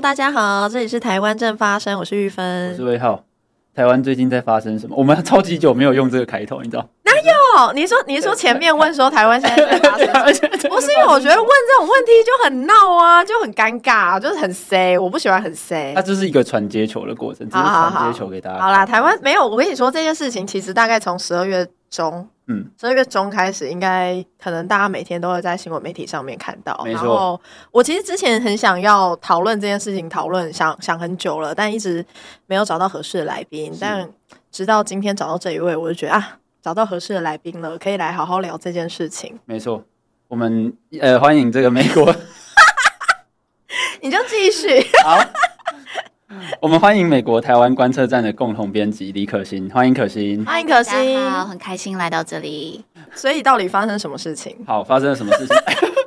大家好，這裡是台灣正發生，我是郁芬，我是魏浩。台灣最近在發生什麼？我們超級久沒有用這個開頭，你知道？ 哪有？你說你說前面問說台灣現在在發生什麼？不 是因為我覺得問這種問題就很鬧啊，就很尷尬啊，就是很塞，我不喜歡很塞。那這是一個傳接球的過程，只是傳接球給大家，好好好。好啦，台灣沒有。我跟你說這件事情，其實大概從十二月中。嗯，十二月中開始，應該可能大家每天都會在新聞媒體上面看到，沒錯，然後我其實之前很想要討論這件事情，討論想想很久了，但一直沒有找到合適的來賓。是 但直到今天找到這一位，我就覺得啊，找到合適的來賓了，可以來好好聊這件事情。沒錯，我們呃歡迎這個美國，你就繼續 好。 我們歡迎美國台灣觀測站的共同編輯李可心，歡迎可心，歡迎可心，好，很開心來到這裡。所以到底發生什麼事情？ 好，發生了什麼事情？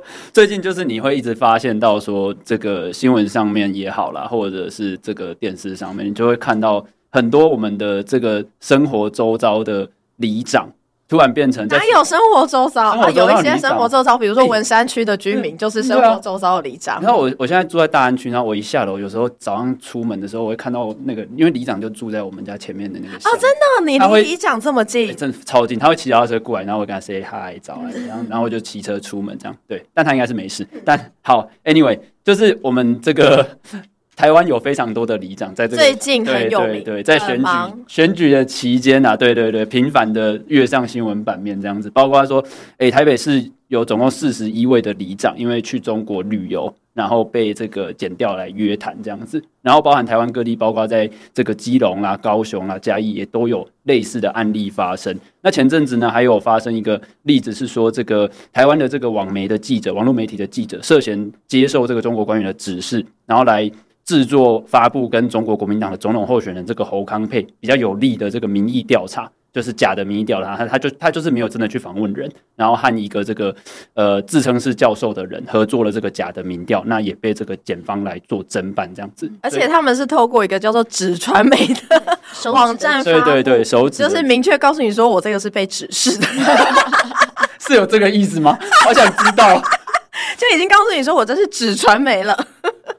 最近就是你會一直發現到說，這個新聞上面也好啦，或者是這個電視上面，你就會看到很多我們的這個生活周遭的里長，突然變成哪有生活周遭，有周遭，啊。有一些生活周遭，比如說文山區的居民，欸、就是生活周遭的里長。然後、欸啊、我，我現在住在大安區，然後我一下樓，有時候早上出門的時候，我會看到那個，因為里長就住在我們家前面的那個。哦，真的，你離里長這麼近，欸、真的超近。他會騎腳踏車過來，然後我跟他 say hi、嗯、早安，然後然後就騎車出門這樣。對，但他應該是沒事。但、嗯、好，anyway，就是我們這個。 台灣有非常多的里長在這個最近很有名，很對對對、嗯、忙。選舉的期間啊，對對對，頻繁的躍上新聞版面這樣子。包括說，哎、欸，台北市有總共四十一位的里長，因為去中國旅遊，然後被這個檢調來約談這樣子。然後，包含台灣各地，包括在這個基隆啊、高雄啊、嘉義也都有類似的案例發生。那前陣子呢，還有發生一個例子是說，這個台灣的這個網媒的記者、網絡媒體的記者，涉嫌接受這個中國官員的指示，然後來。製作發布跟中國國民黨的總統候選人這個侯康配比較有利的這個民意調查，嗯、就是假的民意調查。他他就他就是沒有真的去訪問人，然後和一個這個呃自稱是教授的人合作了這個假的民調，那也被這個檢方來做偵辦這樣子。而且他們是透過一個叫做紙傳媒的網站，手指對對對，手指就是明確告訴你說我這個是被指示的， 是有這個意思嗎？好想知道。 就已經告訴你說，我這是紙傳媒了。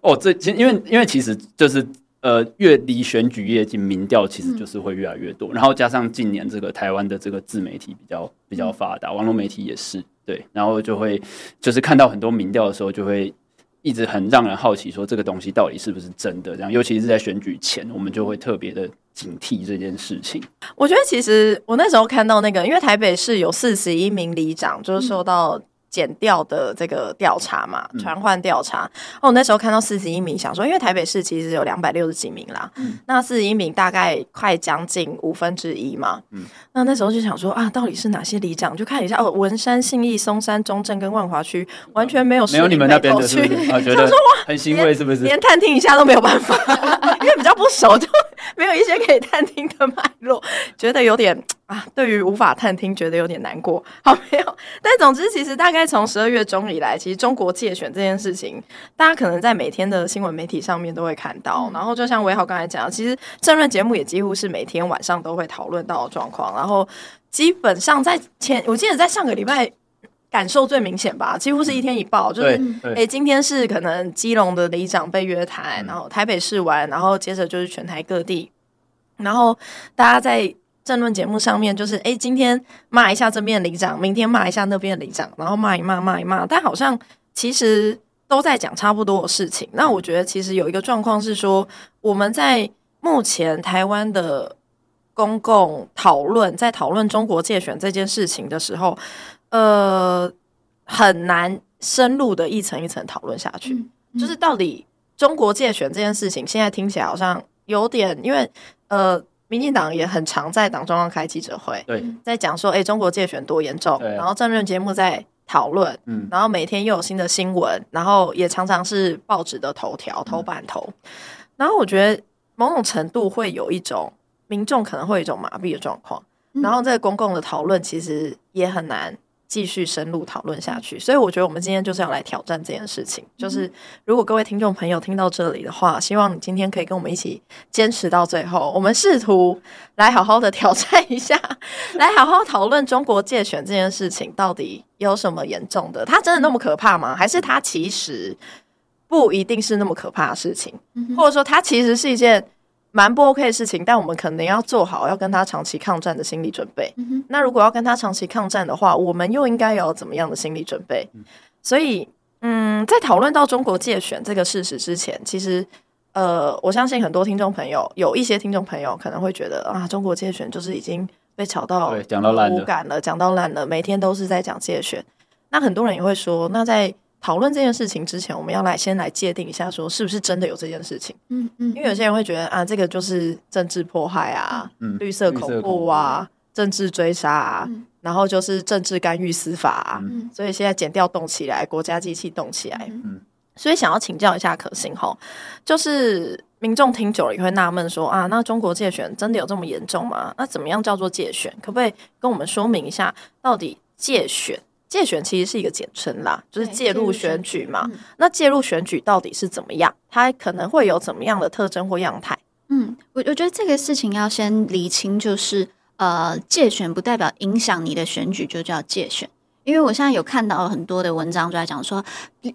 哦，這因為因為其實就是呃，越離選舉越近，民調其實就是會越來越多。嗯、然後加上近年這個台灣的這個自媒體比較比較發達，嗯、網絡媒體也是對，然後就會、嗯、就是看到很多民調的時候，就會一直很讓人好奇說這個東西到底是不是真的？這樣，尤其是在選舉前，我們就會特別的警惕這件事情。我覺得其實我那時候看到那個，因為台北市有四十一名里長，就是受到、嗯。剪掉的這個調查嘛，傳喚調查。嗯、哦，我那時候看到四十一名，想說，因為台北市其實有兩百六十幾名啦，嗯、那四十一名大概快將近五分之一嘛。嗯，那那時候就想說啊，到底是哪些里長？就看一下哦，文山、信義、松山、中正跟萬華區完全沒有、啊，沒有你們那邊的是不是？我覺得很欣慰，是不是？連，連探聽一下都沒有辦法， 因為比較不熟，就沒有一些可以探聽的脈絡，覺得有點。啊，對於無法探聽，覺得有點難過，好沒有。但總之，其實大概從十二月中以來，其實中國介選這件事情，大家可能在每天的新聞媒體上面都會看到。嗯、然後，就像韋豪剛才講的，其實政論節目也幾乎是每天晚上都會討論到的狀況。然後，基本上在前，我記得在上個禮拜感受最明顯吧，幾乎是一天一報，嗯、就是哎，今天是可能基隆的里長被約談，然後台北試完，然後接着就是全台各地，然後大家在。政論節目上面就是，哎、欸，今天罵一下這邊的里長，明天罵一下那邊的里長，然後罵一罵，罵一罵，但好像其實都在講差不多的事情。那我覺得其實有一個狀況是說，我們在目前台灣的公共討論在討論中國介選這件事情的時候，呃，很難深入的一層一層討論下去。嗯、就是到底中國介選這件事情，現在聽起來好像有點，因為呃。民進黨也很常在黨中央開記者會，對在講說，哎、欸，中國介選多嚴重，然後政論節目在討論，啊、然後每天又有新的新聞，然後也常常是報紙的頭條、頭版頭，嗯、然後我覺得某種程度會有一種民眾可能會有一種麻痹的狀況，嗯、然後在公共的討論其實也很難繼續深入討論下去，所以我覺得我們今天就是要來挑戰這件事情。就是如果各位聽眾朋友聽到這裡的話，希望你今天可以跟我們一起堅持到最後。我們試圖來好好的挑戰一下，來好好討論中國介選這件事情到底有什麼嚴重的？它真的那麼可怕嗎？還是它其實不一定是那麼可怕的事情？或者說它其實是一件？蠻不 OK 的事情，但我們可能要做好要跟他長期抗戰的心理準備。嗯、哼那如果要跟他長期抗戰的話，我們又應該有怎麼樣的心理準備？嗯、所以，嗯，在討論到中國介選這個事實之前，其實，呃，我相信很多聽眾朋友，有一些聽眾朋友可能會覺得啊，中國介選就是已經被炒到無感了，講到爛了，講到爛了，每天都是在講介選。那很多人也會說，那在討論這件事情之前，我們要來先來界定一下，說是不是真的有這件事情？嗯嗯，嗯，因為有些人會覺得啊，這個就是政治迫害啊，嗯、綠色恐怖啊，政治追殺、啊，嗯、然後就是政治干預司法，啊。嗯、所以現在檢調動起來，國家機器動起來。嗯，嗯，所以想要請教一下可心哈，就是民眾聽久了也會納悶說啊，那中國介選真的有這麼嚴重嗎？那怎麼樣叫做介選？可不可以跟我們說明一下，到底介選？介選其實是一個簡稱啦，就是介入選舉嘛。那、嗯、介入選舉到底是怎麼樣？它可能會有怎麼樣的特徵或樣態？嗯，我我覺得這個事情要先釐清，就是呃，介選不代表影響你的選舉就叫介選，因為我現在有看到很多的文章就在講說。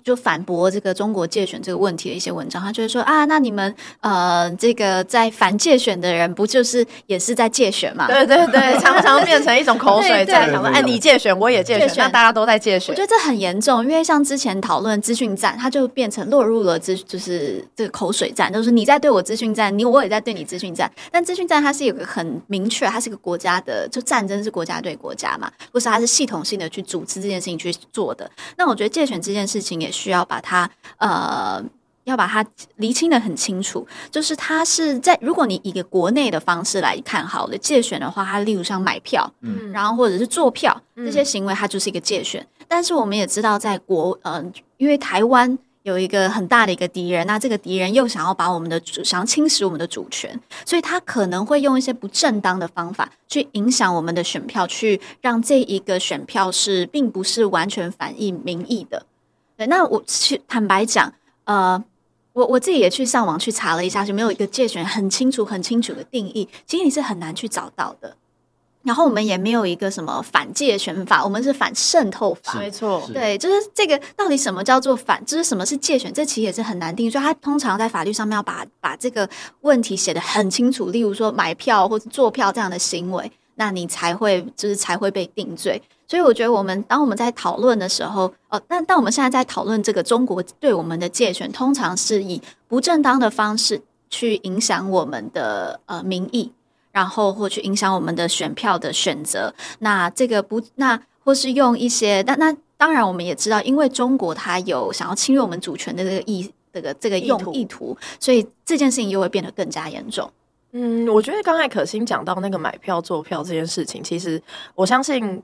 就反駁這個中國介選這個問題的一些文章，他就是說啊，那你們呃，這個在反介選的人不就是也是在介選嘛？對對對， 常常變成一種口水戰，哎， 你介選，我也介選，介選那大家都在介選。我覺得這很嚴重，因為像之前討論資訊戰，他就變成落入了資，就是這個口水戰，就是你在對我資訊戰，你我也在對你資訊戰。但資訊戰它是有一個很明確，它是個國家的，就戰爭是國家對國家嘛，不是？它是系統性的去組織這件事情去做的。那我覺得介選這件事情。也需要把它呃，要把它釐清得很清楚。就是它是在，如果你以一個國內的方式來看好了，好的介選的話，它例如像買票，嗯，然後或者是做票這些行為，它就是一個介選。嗯、但是我們也知道，在國呃，因為台灣有一個很大的一個敵人，那這個敵人又想要把我們的主，想要侵蝕我們的主權，所以他可能會用一些不正當的方法去影響我們的選票，去讓這一個選票是並不是完全反映民意的。對，那我去坦白講，呃，我我自己也去上網去查了一下，就沒有一個介選很清楚、很清楚的定義，其實你是很難去找到的。然後我們也沒有一個什麼反介選法，我們是反滲透法，沒錯是。對，是就是這個到底什麼叫做反，就是什麼是介選，這其實也是很難定義，所以他通常在法律上面要把把這個問題寫得很清楚，例如說買票或者做票這樣的行為，那你才會就是才會被定罪。所以我覺得，我們當我們在討論的時候，哦、呃，那當我們現在在討論這個中國對我們的介選，通常是以不正當的方式去影響我們的呃民意，然後或去影響我們的選票的選擇。那這個不，那或是用一些，但那，那當然我們也知道，因為中國它有想要侵略我們主權的這個意這個這個意圖用意圖，所以這件事情又會變得更加嚴重。嗯，我覺得剛才可心講到那個買票做票這件事情，其實我相信。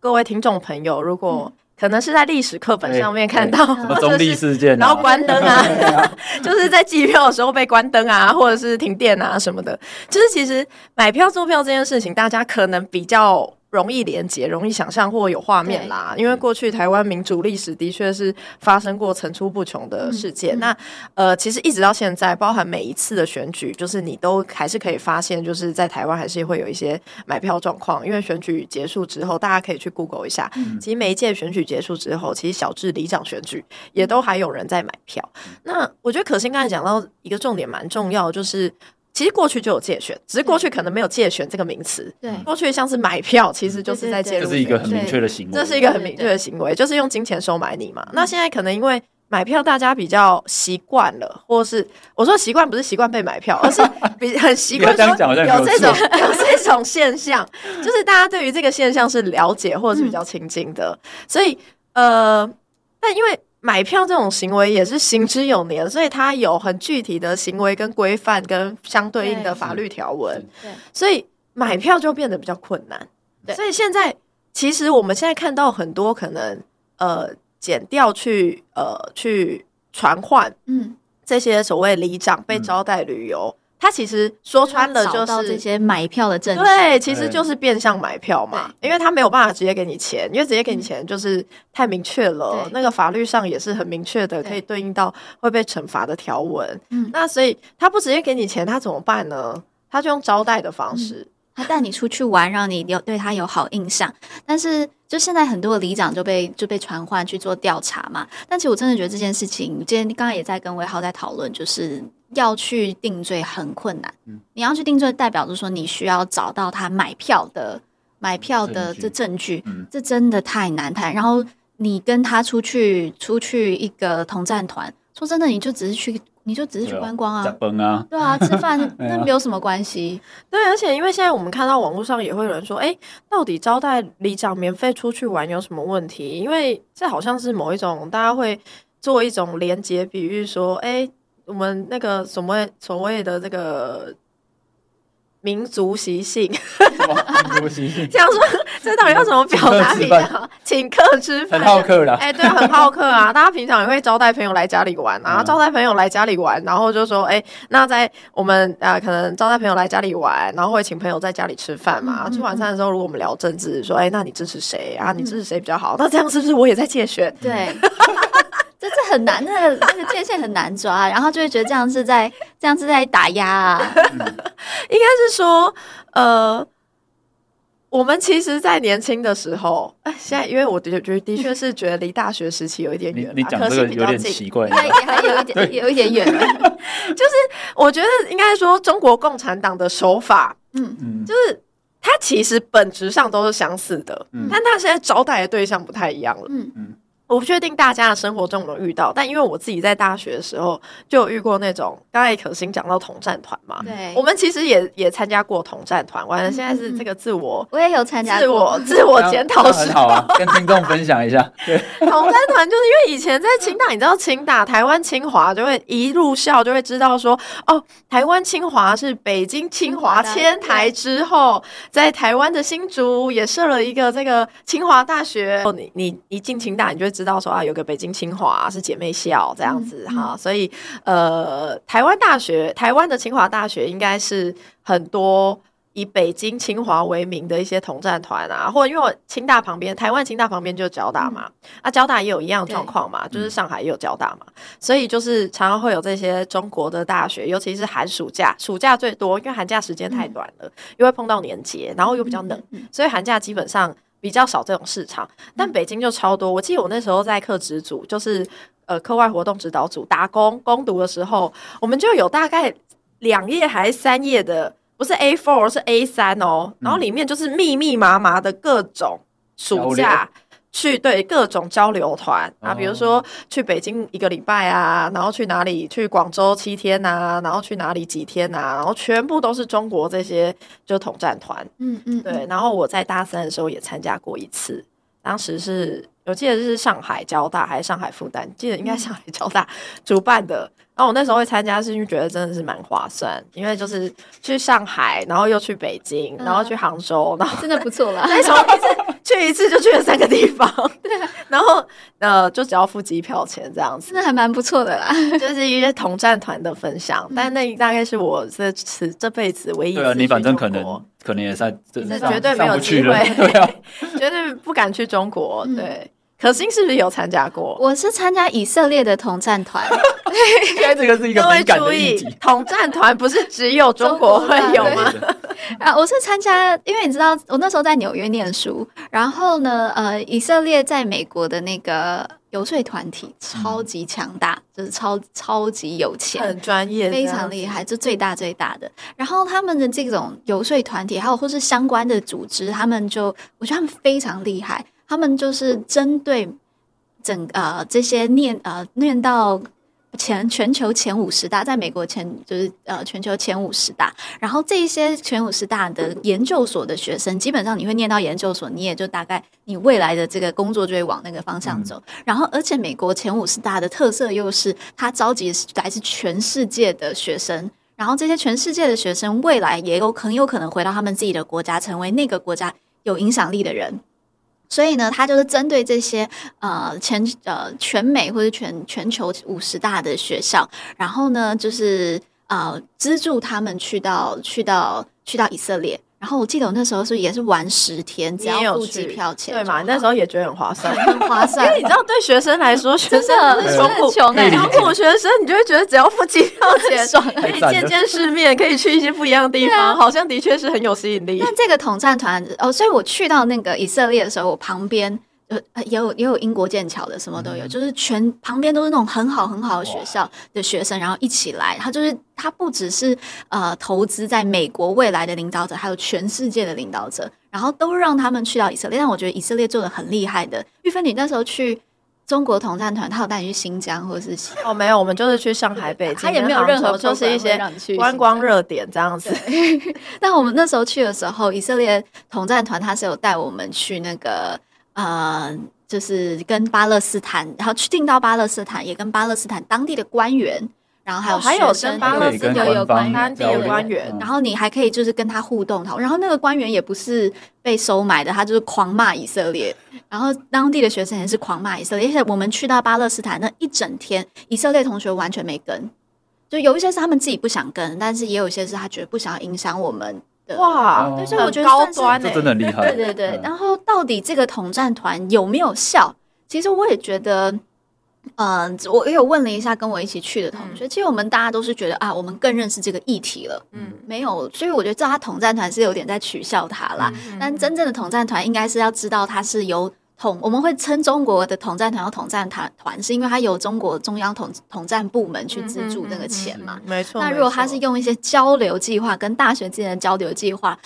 各位聽眾朋友，如果可能是在歷史課本上面看到、欸欸，什麼中壢事件、啊！然後關燈啊， 就是在計票的時候被關燈啊，或者是停電啊什麼的，就是其實買票作票這件事情，大家可能比較。容易連結，容易想象或有畫面啦，對因為過去台灣民主歷史的確是發生過層出不窮的事件。嗯嗯、那呃，其實一直到現在，包含每一次的選舉，就是你都還是可以發現，就是在台灣還是會有一些買票狀況。因為選舉結束之後，大家可以去 Google 一下，嗯、其實每一屆選舉結束之後，其實小至里長選舉也都還有人在買票。那我覺得可心剛才講到一個重點蠻重要，就是。其實過去就有介選，只是過去可能沒有“介選”這個名詞。對，過去像是買票，其實就是在介選。對對對對，這是一個很明確的行為。對對對對，這是一個很明確的行為，對對對對，就是用金錢收買你嘛。對對對對，那現在可能因為買票，大家比較習慣了，或是我說習慣不是習慣被買票， 而是比很習慣說有，有這種有這種現象， 就是大家對於這個現象是了解或者是比較親近的。嗯、所以，呃，但因為。買票這種行為也是行之有年，所以他有很具體的行為跟規範，跟相對應的法律條文。對所以買票就變得比較困難。對所以現在其實我們現在看到很多可能，呃，檢調去，呃，去傳喚，嗯，這些所謂里長被招待旅遊。嗯。他其實說穿了就是這些買票的證，對，其實就是變相買票嘛。因為他沒有辦法直接給你錢，因為直接給你錢就是太明確了，那個法律上也是很明確的，可以對應到會被懲罰的條文。嗯，那所以他不直接給你錢，他怎麼辦呢？他就用招待的方式，他帶你出去玩，讓你有對他有好印象。但是就現在很多的里長就被就被傳喚去做調查嘛。但其實我真的覺得這件事情，今天你剛剛也在跟魏浩在討論，就是。要去定罪很困難，嗯、你要去定罪，代表着說你需要找到他買票的買票的這證據，證據，嗯、這真的太難太難，然後你跟他出去出去一個統戰團，說真的，你就只是去，你就只是去觀光啊，對啊，吃飯那沒有什麼關係。對，而且因為現在我們看到網絡上也會有人說，哎、欸，到底招待里長免費出去玩有什麼問題？因為這好像是某一種大家會做一種連結，比喻說，哎、欸。我們那個所謂所謂的這個民族習性，什麼？哈哈哈，民族習性，想 說這到底要怎麼表達比較好？請客吃飯，很好客了。哎，對、啊，很好客啊， 大家平常也會招待朋友來家裡玩，啊，然後、嗯、招待朋友來家裡玩，然後就說，哎，那在我們啊，可能招待朋友來家裡玩，然後會請朋友在家裡吃飯嘛。吃、嗯嗯、晚餐的時候，如果我們聊政治，說，哎，那你支持誰啊？你支持誰比較好？嗯、那這樣是不是我也在介選？對。嗯 這是很難的，那個界限很難抓，然後就會覺得這樣是在這樣是在打壓啊。應該是說，呃，我們其實，在年輕的時候，哎，現在因為我的覺得的確是覺得離大學時期有一點遠。你講這個有點奇怪，還還有一點有一點遠。就是我覺得應該說，中國共產黨的手法，嗯嗯，就是他其實本質上都是相似的，嗯，但他現在招待的對象不太一樣了。嗯嗯。我不確定大家的生活中有沒有遇到，但因為我自己在大學的時候就有遇過那種。剛才可心講到統戰團嘛，對、嗯，我們其實也也參加過統戰團。完了、嗯，現在是這個自我，嗯、自我，我也有參加過自我自我檢討，的時候好、啊， 跟聽眾分享一下。對，統戰團就是因為以前在清大， 你知道清大台灣清華就會一入校就會知道說，哦，台灣清華是北京清華遷台之後，在台灣的新竹也設了一個這個清華大學。哦對，你你一進清大，你就。知道說啊，有個北京清華、啊、是姐妹校這樣子、嗯嗯、哈，所以呃，台灣大學，台灣的清華大學應該是很多以北京清華為名的一些統戰團啊，或者因為我清大旁邊，台灣清大旁邊就是交大嘛，嗯、啊，交大也有一樣狀況嘛，對就是上海也有交大嘛，嗯、所以就是常常會有這些中國的大學，尤其是寒暑假，暑假最多，因為寒假時間太短了，因為、嗯、碰到年節，然後又比較冷，嗯嗯嗯、所以寒假基本上。比較少這種市場，但北京就超多。我記得我那時候在課指組，就是呃課外活動指導組打工攻讀的時候，我們就有大概兩頁還是三頁的，不是 A four 是 A 三哦，喔、嗯、然後裡面就是密密麻麻的各種暑假、去對，各種交流團啊，比如說去北京一個禮拜啊，然後去哪裡？去廣州七天啊，然後去哪裡幾天啊？然後全部都是中國這些就統戰團，嗯嗯，嗯，對。然後我在大三的時候也參加過一次，當時是我記得是上海交大還是上海復旦，記得應該上海交大主辦的。然後我那時候會參加是因為覺得真的是蠻划算，因為就是去上海，然後又去北京，然後去杭州，然後、嗯、真的不錯了。去一次就去了三個地方，對， 然後呃，就只要付機票錢這樣子， 那還蠻不錯的啦， 就是一些統戰團的分享，嗯、但那大概是我這次這輩子唯一對、啊、你反正可能 可能也在，這絕對沒有機會，對啊，絕對不敢去中國， 嗯、對。可心是不是有參加過？我是參加以色列的統戰團。 應該這個是一個敏感的議題。統戰團不是只有中國會有嗎？啊，我是參加，因為你知道，我那時候在紐約念書，然後呢，呃，以色列在美國的那個遊說團體超級強大，嗯、就是超超級有錢，很專業，非常厲害，就最大最大的。然後他們的這種遊說團體，還有或是相關的組織，他們就，我覺得他們非常厲害。他們就是針對整個呃這些念呃念到前全球前五十大，在美國前就是呃全球前五十大，然後這一些前五十大的研究所的學生，基本上你會念到研究所，你也就大概你未來的這個工作就會往那個方向走。嗯、然後，而且美國前五十大的特色又是，他召集是來自全世界的學生，然後這些全世界的學生未來也有很有可能回到他們自己的國家，成為那個國家有影響力的人。所以呢，他就是針對這些呃全呃全美或者全全球五十大的學校，然後呢，就是呃資助他們去到去到去到以色列。然後我記得我那時候是也是玩十天，只要付機票錢，對嘛？那時候也覺得很划算，很划算。因為你知道，對學生來說，學生很窮窮學生，你就會覺得只要付機票錢，爽，可以見見世面，可以去一些不一樣的地方，好像的確是很有吸引力。但這個統戰團哦，所以我去到那個以色列的時候，我旁邊。呃，也有也有英國劍橋的，什麼都有，嗯、就是全旁邊都是那種很好很好的學校的學生，哇然後一起來。他就是他不只是呃投資在美國未來的領導者，還有全世界的領導者，然後都讓他們去到以色列。但我覺得以色列做的很厲害的。玉芬，你那時候去中國統戰團，他有帶你去新疆，或是？哦，沒有，我們就是去上海北、北京對、他也沒有任何，就是一些觀光熱點這樣子。對 但我們那時候去的時候，以色列統戰團他是有帶我們去那個。呃，就是跟巴勒斯坦，然後去進到巴勒斯坦，也跟巴勒斯坦當地的官員，然後還有學生、哦、還有跟巴勒斯坦有關當地的官員，然後你還可以就是跟他互動，好，然後那個官員也不是被收買的，他就是狂罵以色列，然後當地的學生也是狂罵以色列，而且我們去到巴勒斯坦那一整天，以色列同學完全沒跟，就有一些是他們自己不想跟，但是也有一些是他覺得不想要影響我們。對哇，就是我覺得高端的、欸，這真的厲害。對，對對對，嗯、然後到底這個統戰團有沒有效？其實我也覺得，嗯、呃，我也有問了一下跟我一起去的同學。嗯、其實我們大家都是覺得啊，我們更認識這個議題了。嗯，沒有，所以我覺得叫他統戰團是有點在取笑他啦，嗯、但真正的統戰團應該是要知道，他是由。統，我們會稱中國的統戰團叫統戰團團，是因為它由中國中央統統戰部門去資助那個錢嘛。嗯嗯、沒錯。那如果它是用一些交流計劃跟大學之間的交流計劃，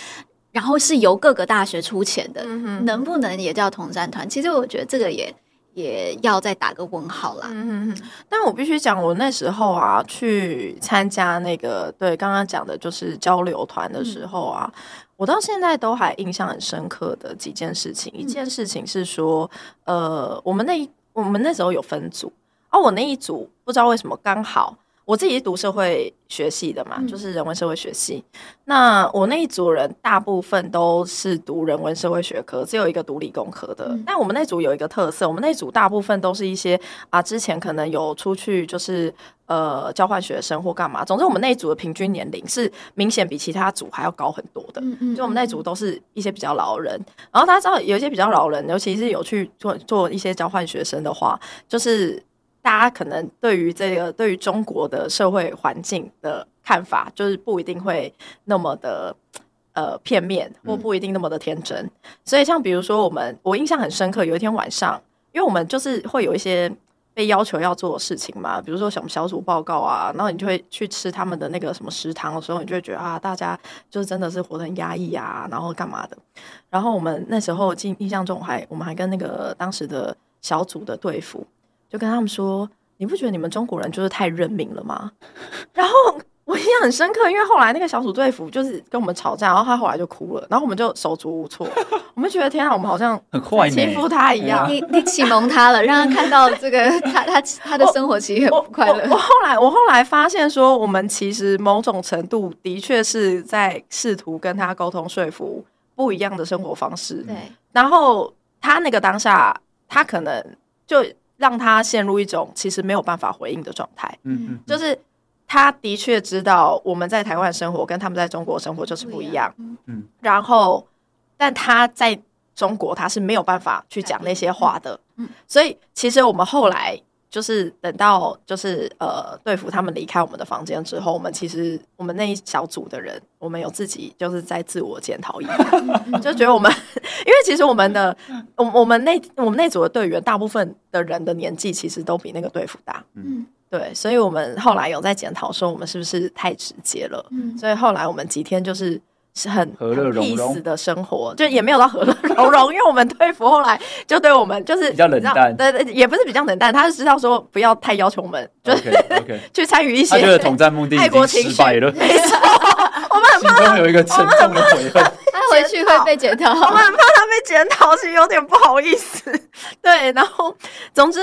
然後是由各個大學出錢的，嗯、哼能不能也叫統戰團？其實我覺得這個也。也要再打個問號啦。嗯，但我必須講，我那時候啊，去參加那個，對，剛剛講的就是交流團的時候啊，嗯、我到現在都還印象很深刻的幾件事情。嗯、一件事情是說，呃，我們那一我們那時候有分組，而、啊、我那一組不知道為什麼剛好。我自己是讀社會學系的嘛，就是人文社會學系。嗯、那我那一組人大部分都是讀人文社會學科，只有一個讀理工科的。嗯、但我們那組有一個特色，我們那組大部分都是一些啊，之前可能有出去就是呃交換學生或幹嘛。總之，我們那一組的平均年齡是明顯比其他組還要高很多的。嗯嗯嗯，就我們那一組都是一些比較老人。然後大家知道，有一些比較老人，尤其是有去做做一些交換學生的話，就是。大家可能對於這個對於中國的社會環境的看法，就是不一定會那麼的呃片面，或不一定那麼的天真。所以，像比如說我們，我印象很深刻，有一天晚上，因為我們就是會有一些被要求要做的事情嘛，比如說什麼小組報告啊，然後你就會去吃他們的那個什麼食堂的時候，你就會覺得啊，大家就是真的是活得很壓抑啊，然後幹嘛的。然後我們那時候記印象中還我們還跟那個當時的小組的隊輔。就跟他們說，你不覺得你們中國人就是太認命了嗎？ 然後我印象很深刻，因為後來那個小組隊服就是跟我們吵架，然後他後來就哭了，然後我們就手足無措。 我們覺得天啊，我們好像很欺負他一樣，你你啟蒙他了， 讓他看到這個他他他的生活其實很不快樂。我後來我後來發現說，我們其實某種程度的確是在試圖跟他溝通說服不一樣的生活方式。對，然後他那個當下，他可能就。讓他陷入一種其實沒有辦法回應的狀態，嗯嗯，就是他的確知道我們在台灣生活跟他們在中國生活就是不一樣，啊、嗯，然後但他在中國他是沒有辦法去講那些話的，啊、嗯，所以其實我們後來。就是等到，就是呃，隊輔他們離開我們的房間之後，我們其實我們那一小組的人，我們有自己就是在自我檢討一下， 就覺得我們，因為其實我們的，我我們那我們那組的隊員，大部分的人的年紀其實都比那個隊輔大，嗯，對，所以我們後來有在檢討說我們是不是太直接了，嗯，所以後來我們幾天就是。是很和樂融融的生活，就也沒有到和樂融融，因為我們退服後來就對我們就是比較冷淡，對，對也不是比較冷淡，他是知道說不要太要求我們，就是去參與一些，他覺得統戰目的已經失敗了。我們很怕，我們很怕他回去會被檢討，我們很怕他被檢討，其實有點不好意思。對，然後總之。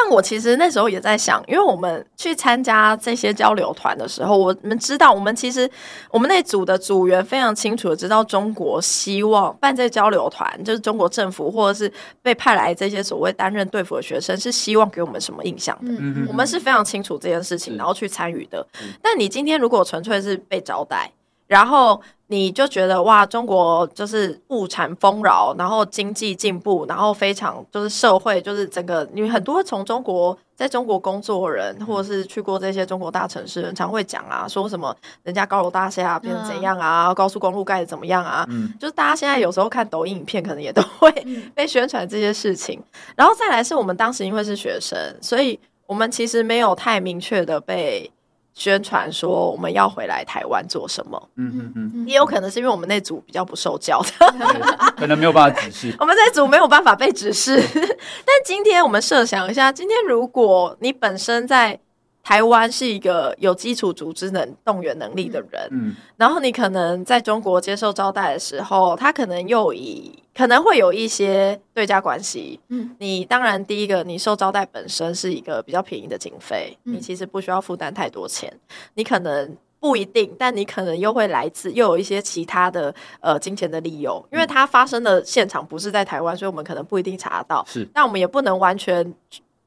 但我其實那時候也在想，因為我們去參加這些交流團的時候，我們知道我們其實我們那組的組員非常清楚的知道，中國希望辦這交流團，就是中國政府或者是被派來這些所謂擔任隊輔的學生，是希望給我們什麼印象的。嗯，我們是非常清楚這件事情，是然後去參與的。嗯，但你今天如果純粹是被招待，然後你就覺得哇，中國就是物產豐饒，然後經濟進步，然後非常就是社會就是整個，因為很多從中國在中國工作的人，嗯、或者是去過這些中國大城市，人、嗯、常會講啊，說什麼人家高樓大廈變成怎樣啊，嗯、高速公路蓋的怎麼樣啊，嗯，就是大家現在有時候看抖音影片，可能也都會被宣傳這些事情。嗯、然後再來是我們當時因為是學生，所以我們其實沒有太明確的被。宣傳說我們要回來台灣做什麼？嗯嗯嗯，也有可能是因為我們那組比較不受教的，可能沒有辦法指示。 我們那組沒有辦法被指示。 但今天我們設想一下，今天如果你本身在。台灣是一個有基礎組織能動員能力的人，嗯，然後你可能在中國接受招待的時候，他可能又以可能會有一些對價關係，嗯，你當然第一個你受招待本身是一個比較便宜的經費，嗯、你其實不需要負擔太多錢，你可能不一定，但你可能又會來自又有一些其他的呃金錢的利用。因為它發生的現場不是在台灣，所以我們可能不一定查得到，是，但我們也不能完全。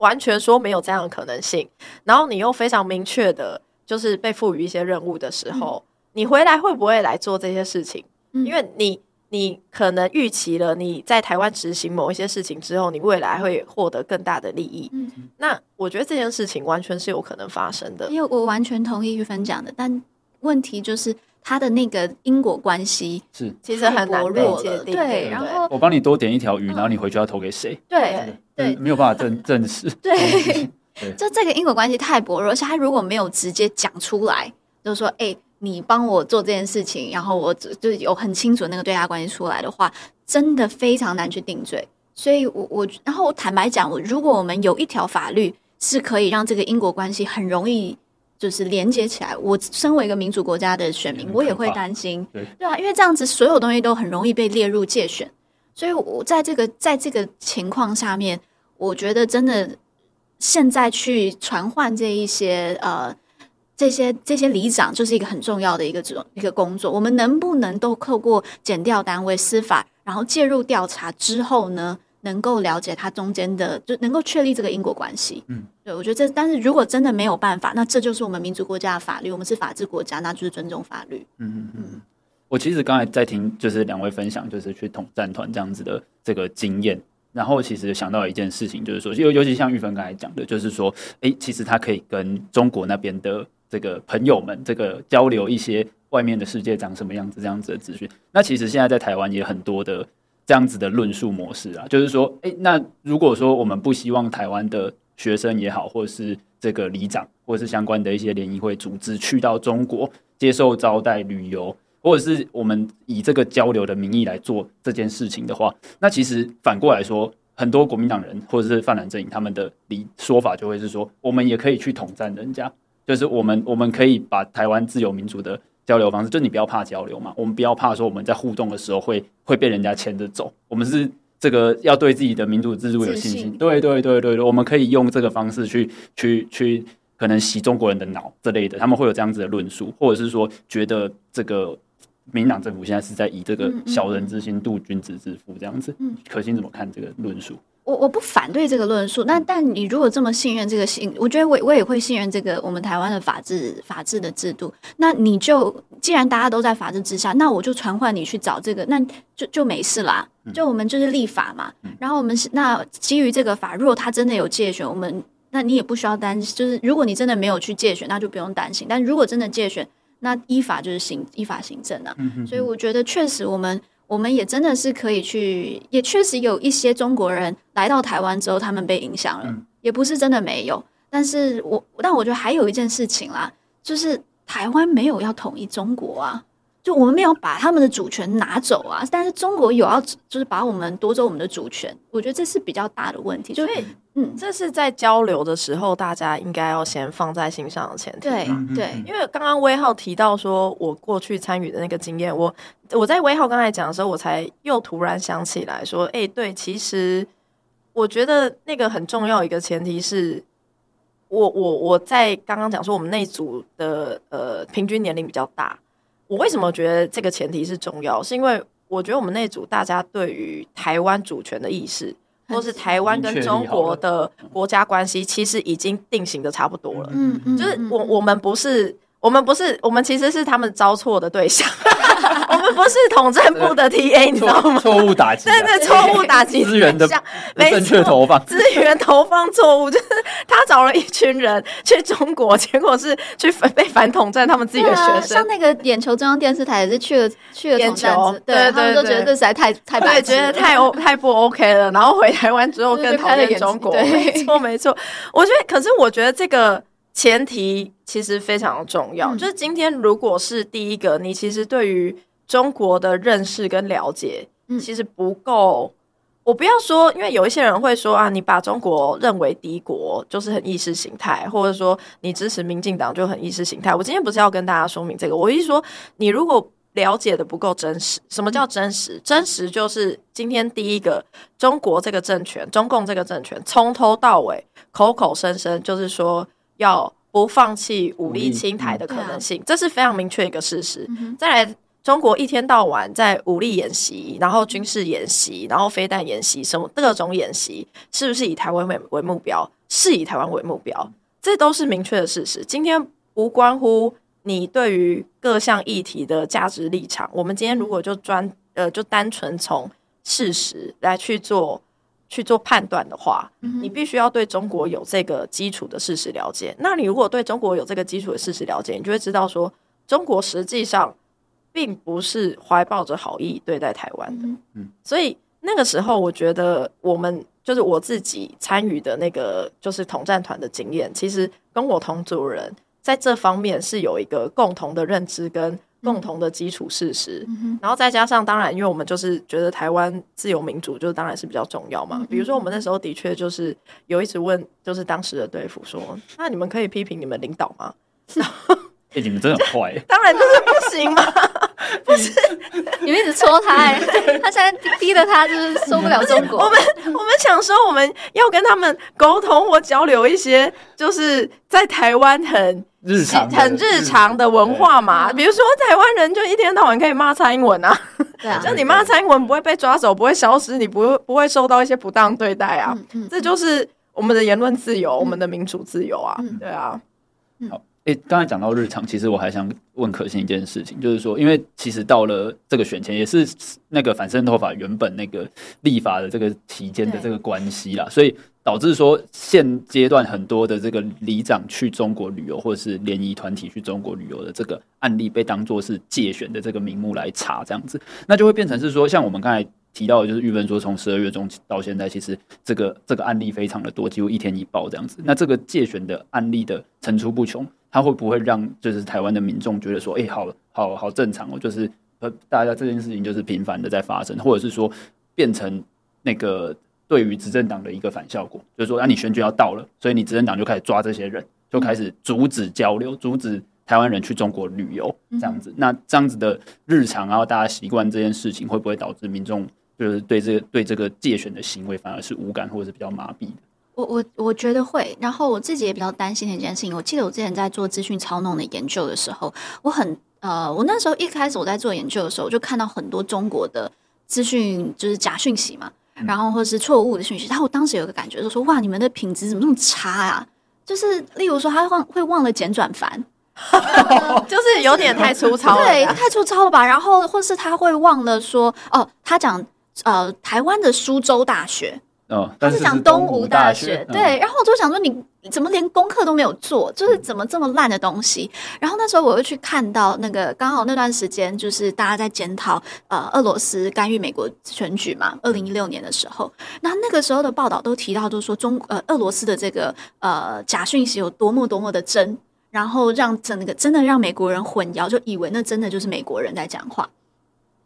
完全說沒有這樣的可能性，然後你又非常明確的，就是被賦予一些任務的時候，嗯、你回來會不會來做這些事情？嗯、因為你，你可能預期了你在台灣執行某一些事情之後，你未來會獲得更大的利益。嗯、那我覺得這件事情完全是有可能發生的。因為我完全同意郁芬講的，但問題就是。他的那個因果關係是其實很薄弱的，弱對。對對對，然後我幫你多點一條魚，然後你回去要投給誰？對的對、嗯，沒有辦法證證實。 識對，對對就這個因果關係太薄弱，而且他如果沒有直接講出來，就說哎、欸，你幫我做這件事情，然後我就有很清楚那個對價關係出來的話，真的非常難去定罪。所以我，我我然後我坦白講，我如果我們有一條法律是可以讓這個因果關係很容易。就是連接起來。我身為一個民主國家的選民，我也會擔心，對啊，因為這樣子所有東西都很容易被列入介選。所以，我在這個在這個情況下面，我覺得真的現在去傳喚這一些呃這些這些里長，就是一個很重要的一個這種一個工作。我們能不能都透過檢調單位、司法，然後介入調查之後呢？能夠了解它中間的，就能夠確立這個因果關係。嗯，對，我覺得這，但是如果真的沒有辦法，那這就是我們民族國家的法律，我們是法治國家，那就是尊重法律。嗯嗯嗯。我其實剛才在聽，就是兩位分享，就是去統戰團這樣子的這個經驗，然後其實想到一件事情，就是說，尤尤其像郁芬剛才講的，就是說，哎、欸，其實他可以跟中國那邊的這個朋友們，這個交流一些外面的世界長什麼樣子這樣子的資訊。那其實現在在台灣也很多的。這樣子的論述模式啊，就是說，哎、欸，那如果說我們不希望台灣的學生也好，或者是這個里長，或者是相關的一些聯誼會組織去到中國接受招待、旅遊，或者是我們以這個交流的名義來做這件事情的話，那其實反過來說，很多國民黨人或者是泛藍陣營他們的理說法就會是說，我們也可以去統戰人家，就是我們我們可以把台灣自由民主的。交流方式，就你不要怕交流嘛，我們不要怕說我們在互動的時候會會被人家牽着走，我們是這個要對自己的民主制度有信心。信對對對對，我們可以用這個方式去去去，去可能洗中國人的腦之類的，他們會有這樣子的論述，或者是說覺得這個民黨政府現在是在以這個小人之心度君子之腹這樣子。嗯嗯，可心怎麼看這個論述？嗯我我不反對這個論述，那但你如果這麼信任這個信，我覺得我我也會信任這個我們台灣的法治法治的制度。那你就既然大家都在法治之下，那我就傳喚你去找這個，那就就沒事啦，啊。就我們就是立法嘛，嗯、然後我們是那基於這個法，如果他真的有介選，我們那你也不需要擔心。就是如果你真的沒有去介選，那就不用擔心。但如果真的介選，那依法就是行依法行政啊。嗯、哼哼，所以我覺得確實我們。我們也真的是可以去，也確實有一些中國人來到台灣之後，他們被影響了，嗯、也不是真的沒有。但是我，但我覺得還有一件事情啦，就是台灣沒有要統一中國啊。就我們沒有把他們的主權拿走啊，但是中國有要就是把我們奪走我們的主權，我覺得這是比較大的問題是不是？所以對，嗯，這是在交流的時候，大家應該要先放在心上的前提。 對對，因為剛剛威浩提到說，我過去參與的那個經驗，我我在威浩剛才講的時候，我才又突然想起來說，哎、欸，對，其實我覺得那個很重要一個前提是，我我我在剛剛講說我們那組的呃平均年齡比較大。我為什麼覺得這個前提是重要？是因為我覺得我們那一組大家對於台灣主權的意識，或是台灣跟中國的國家關係，其實已經定型的差不多了。嗯嗯，嗯嗯就是我我們不是。我們不是，我們其實是他們招錯的對象。我們不是統戰部的 TA，你知道嗎？錯誤打擊，對對，錯誤打擊，資源的，沒正確投放，資源投放錯誤，就是他找了一群人去中國，結果是去反被反統戰他們自己的學生，像那個眼球中央電視台也是去了去了，眼球，對對，他們都覺得這實在太太對，覺得太 O 太不 OK 了。然後回台灣之後，更討厭中國，沒錯沒錯。我覺得，可是我覺得這個。前提其實非常重要，嗯、就是今天如果是第一個，你其實對於中國的認識跟了解，其實不夠。嗯、我不要說，因為有一些人會說啊，你把中國認為敵國就是很意識形態，或者說你支持民進黨就很意識形態。我今天不是要跟大家說明這個，我意思說你如果了解的不夠真實。什麼叫真實？嗯、真實就是今天第一個中國這個政權，中共這個政權從頭到尾口口聲聲就是說。要不放棄武力侵台的可能性，這是非常明確一個事實。再來，中國一天到晚在武力演習，然後軍事演習，然後飛彈演習，什麼各種演習，是不是以台灣為為目標？是以台灣為目標，這都是明確的事實。今天無關乎你對於各項議題的價值立場，我們今天如果就專呃就單純從事實來去做。去做判斷的話，你必須要對中國有這個基礎的事實了解。嗯、哼那你如果對中國有這個基礎的事實了解，你就會知道說，中國實際上並不是懷抱着好意對待台灣的。嗯哼，所以那個時候，我覺得我們就是我自己參與的那個就是統戰團的經驗，其實跟我同族人在這方面是有一個共同的認知跟。共同的基礎事實，嗯、哼然後再加上，當然，因為我們就是覺得台灣自由民主就當然是比較重要嘛。嗯、哼比如說，我們那時候的確就是有一直問，就是當時的對付說：“那你們可以批評你們領導嗎？”是 哎，你們真的很壞！當然就是不行嘛，不是？你們一直戳他，他現在逼得他就是受不了中國。我們我們想說，我們要跟他們溝通或交流一些，就是在台灣很日常、很日常的文化嘛。比如說，台灣人就一天到晚可以罵蔡英文啊，對啊，就你罵蔡英文不會被抓走，不會消失，你不不會受到一些不當對待啊？這就是我們的言論自由，我們的民主自由啊！對啊，好。哎，剛、欸、才講到日常，其實我還想問可心一件事情，就是說，因為其實到了這個選前，也是那個反滲透法原本那個立法的這個期間的這個關係啦，對所以導致說現階段很多的這個里長去中國旅遊，或者是聯誼團體去中國旅遊的這個案例，被當作是介選的這個名目來查這樣子，那就會變成是說，像我們剛才提到，就是郁芬說，從十二月中到現在，其實這個這個案例非常的多，幾乎一天一報這樣子，那這個介選的案例的層出不窮。他會不會讓就是台灣的民眾覺得說，哎、欸，好，好好正常哦，就是呃大家這件事情就是頻繁的在發生，或者是說變成那個對於執政黨的一個反效果，就是說啊你選舉要到了，所以你執政黨就開始抓這些人，就開始阻止交流，阻止台灣人去中國旅遊這樣子。那這樣子的日常，然後大家習慣這件事情，會不會導致民眾就是對這個對這個介選的行為反而是無感，或者是比較麻痹的？我我我覺得會，然後我自己也比較擔心的一件事情。我記得我之前在做資訊操弄的研究的時候，我很呃，我那時候一開始我在做研究的時候，我就看到很多中國的資訊就是假訊息嘛，然後或者是錯誤的訊息。他我當時有個感覺就是說，哇，你們的品質怎麼那麼差啊？就是例如說，他會忘了簡轉繁， 就是有點太粗糙， 對，太粗糙了吧？然後或是他會忘了說哦，他講呃，台灣的蘇州大學。他、哦、是講東吳大學，大學嗯、對，然後我就想說，你，你怎麼連功課都沒有做，就是怎麼這麼爛的東西？然後那時候我又去看到那個，剛好那段時間就是大家在檢討呃俄羅斯干預美國選舉嘛，二零一六年的時候，那那個時候的報道都提到，就是說中呃俄羅斯的這個呃假訊息有多麼多麼的真，然後讓整個真的讓美國人混淆，就以為那真的就是美國人在講話。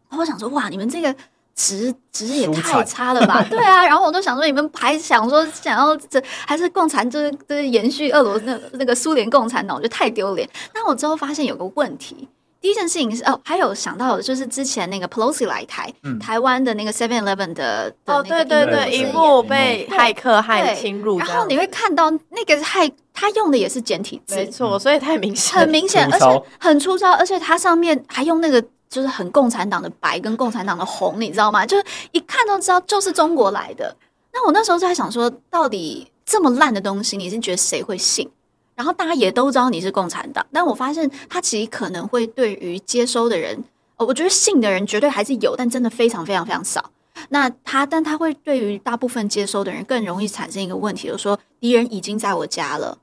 然後我想說，哇，你們這個。值值也太差了吧？對啊，然後我都想說，你們還想說想要這還是共產，就是就是延續俄羅斯那那個蘇聯共產黨，我覺得太丟臉。那我之後發現有個問題。第一件事情是哦，還有想到的就是之前那個 Pelosi 來台，嗯、台灣的那個 Seven Eleven 的，的哦，對對對，一幕被駭客駭侵入，然後你會看到那個駭，他用的也是簡體字，沒錯，所以太明顯，很明顯，粗糙，而且很粗糙，而且它上面還用那個就是很共產黨的白跟共產黨的紅，你知道嗎？就是一看都知道就是中國來的。那我那時候就在想說，到底這麼爛的東西，你是覺得誰會信？然後大家也都知道你是共產黨，但我發現他其實可能會對於接收的人，我覺得信的人絕對還是有，但真的非常非常非常少。那他，但他會對於大部分接收的人更容易產生一個問題，就是說，敵人已經在我家了，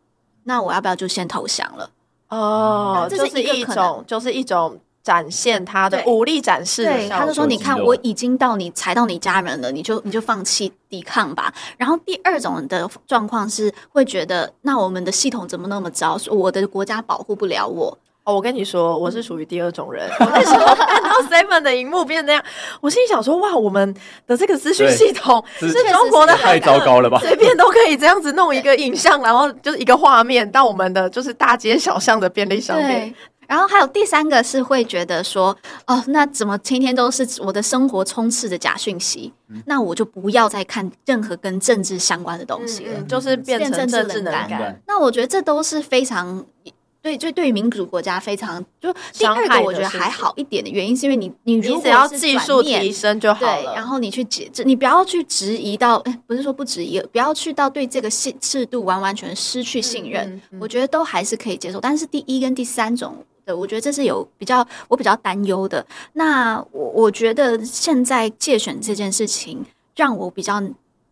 那我要不要就先投降了？哦，這是一，是一種，就是一種。展現他的武力展示，對，對，他就說：“你看，我已經到，你踩到你家人了，你就你就放棄抵抗吧。”然後第二種的狀況是會覺得：“那我們的系統怎麼那麼糟？我的國家保護不了我。”哦，我跟你說，我是屬於第二種人。然後 Seven 的熒幕變成這樣， 我心想說：“哇，我們的這個資訊系統是中國的太糟糕了吧？隨便都可以這樣子弄一個影像，對然後就是一個畫面到我們的就是大街小巷的便利商店。”然後還有第三個是會覺得說，哦，那怎麼天天都是我的生活充斥着假訊息？嗯、那我就不要再看任何跟政治相關的東西了，嗯、就是變成政治冷感。對那我覺得這都是非常對，就對於民主國家非常就第二個我覺得還好一點的原因，是因為你你只要技術提升就好了，對，然後你去解，你不要去質疑到，誒，不是說不質疑，不要去到對這個信制度完完全失去信任，嗯嗯嗯、我覺得都還是可以接受。但是第一跟第三種。我覺得這是有比較，我比較擔憂的。那我我覺得現在介選這件事情讓我比較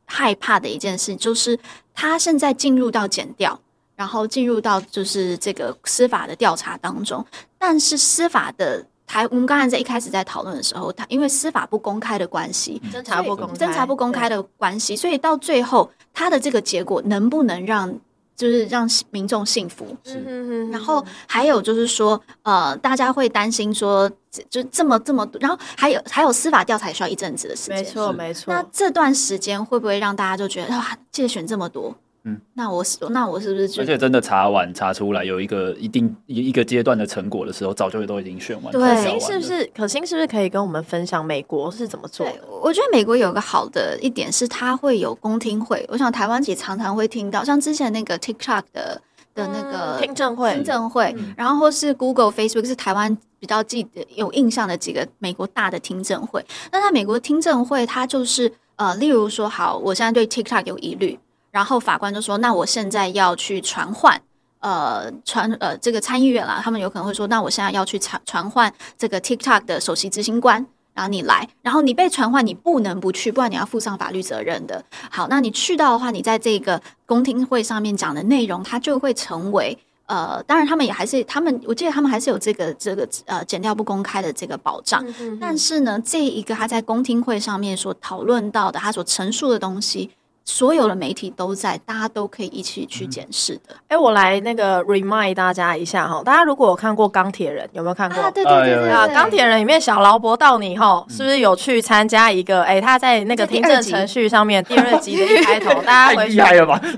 害怕的一件事，就是他現在進入到檢調，然後進入到就是這個司法的調查當中。但是司法的台，我們剛才在一開始在討論的時候，他因為司法不公開的關係，偵查不公開，偵查不公開的關係，所以到最後他的這個結果能不能讓？就是讓民眾幸福，是然後還有就是說，呃，大家會擔心說，就這麼這麼多，然後還有還有司法調查需要一陣子的時間，沒錯沒錯。沒錯，那這段時間會不會讓大家就覺得哇，介選這麼多？嗯，那我是那我是不是覺得，而且真的查完查出來有一個一定一個階段的成果的時候，早就都已經選完了。可心對是不是？可心是不是可以跟我們分享美國是怎麼做的？我覺得美國有個好的一點是它會有公聽會，我想台灣也常常會聽到，像之前那個 TikTok 的的那個聽證會，聽證會，是，嗯、然後是 Google、Facebook 是台灣比較記得有印象的幾個美國大的聽證會。那在美國聽證會，它就是呃，例如說，好，我現在對 TikTok 有疑慮。然後法官就說：“那我現在要去傳喚，呃，傳呃這個參議員啦，他們有可能會說：那我現在要去傳傳喚這個 TikTok 的首席執行官，然後你來。然後你被傳喚，你不能不去，不然你要負上法律責任的。好，那你去到的話，你在這個公聽會上面講的內容，它就會成為呃，當然他們也還是他們，我記得他們還是有這個這個呃，剪掉不公開的這個保障。嗯哼。但是呢，這一個他在公聽會上面所討論到的，他所陳述的東西。”所有的媒體都在，大家都可以一起去檢視的。哎、嗯欸，我來那個 remind 大家一下哈，大家如果有看過鋼鐵人，有沒有看過？啊、對對對，對啊，鋼鐵人裡面小勞勃道尼吼，是不是有去參加一個？哎、嗯欸，他在那個聽證程序上面，第二集的一開頭，大家回去，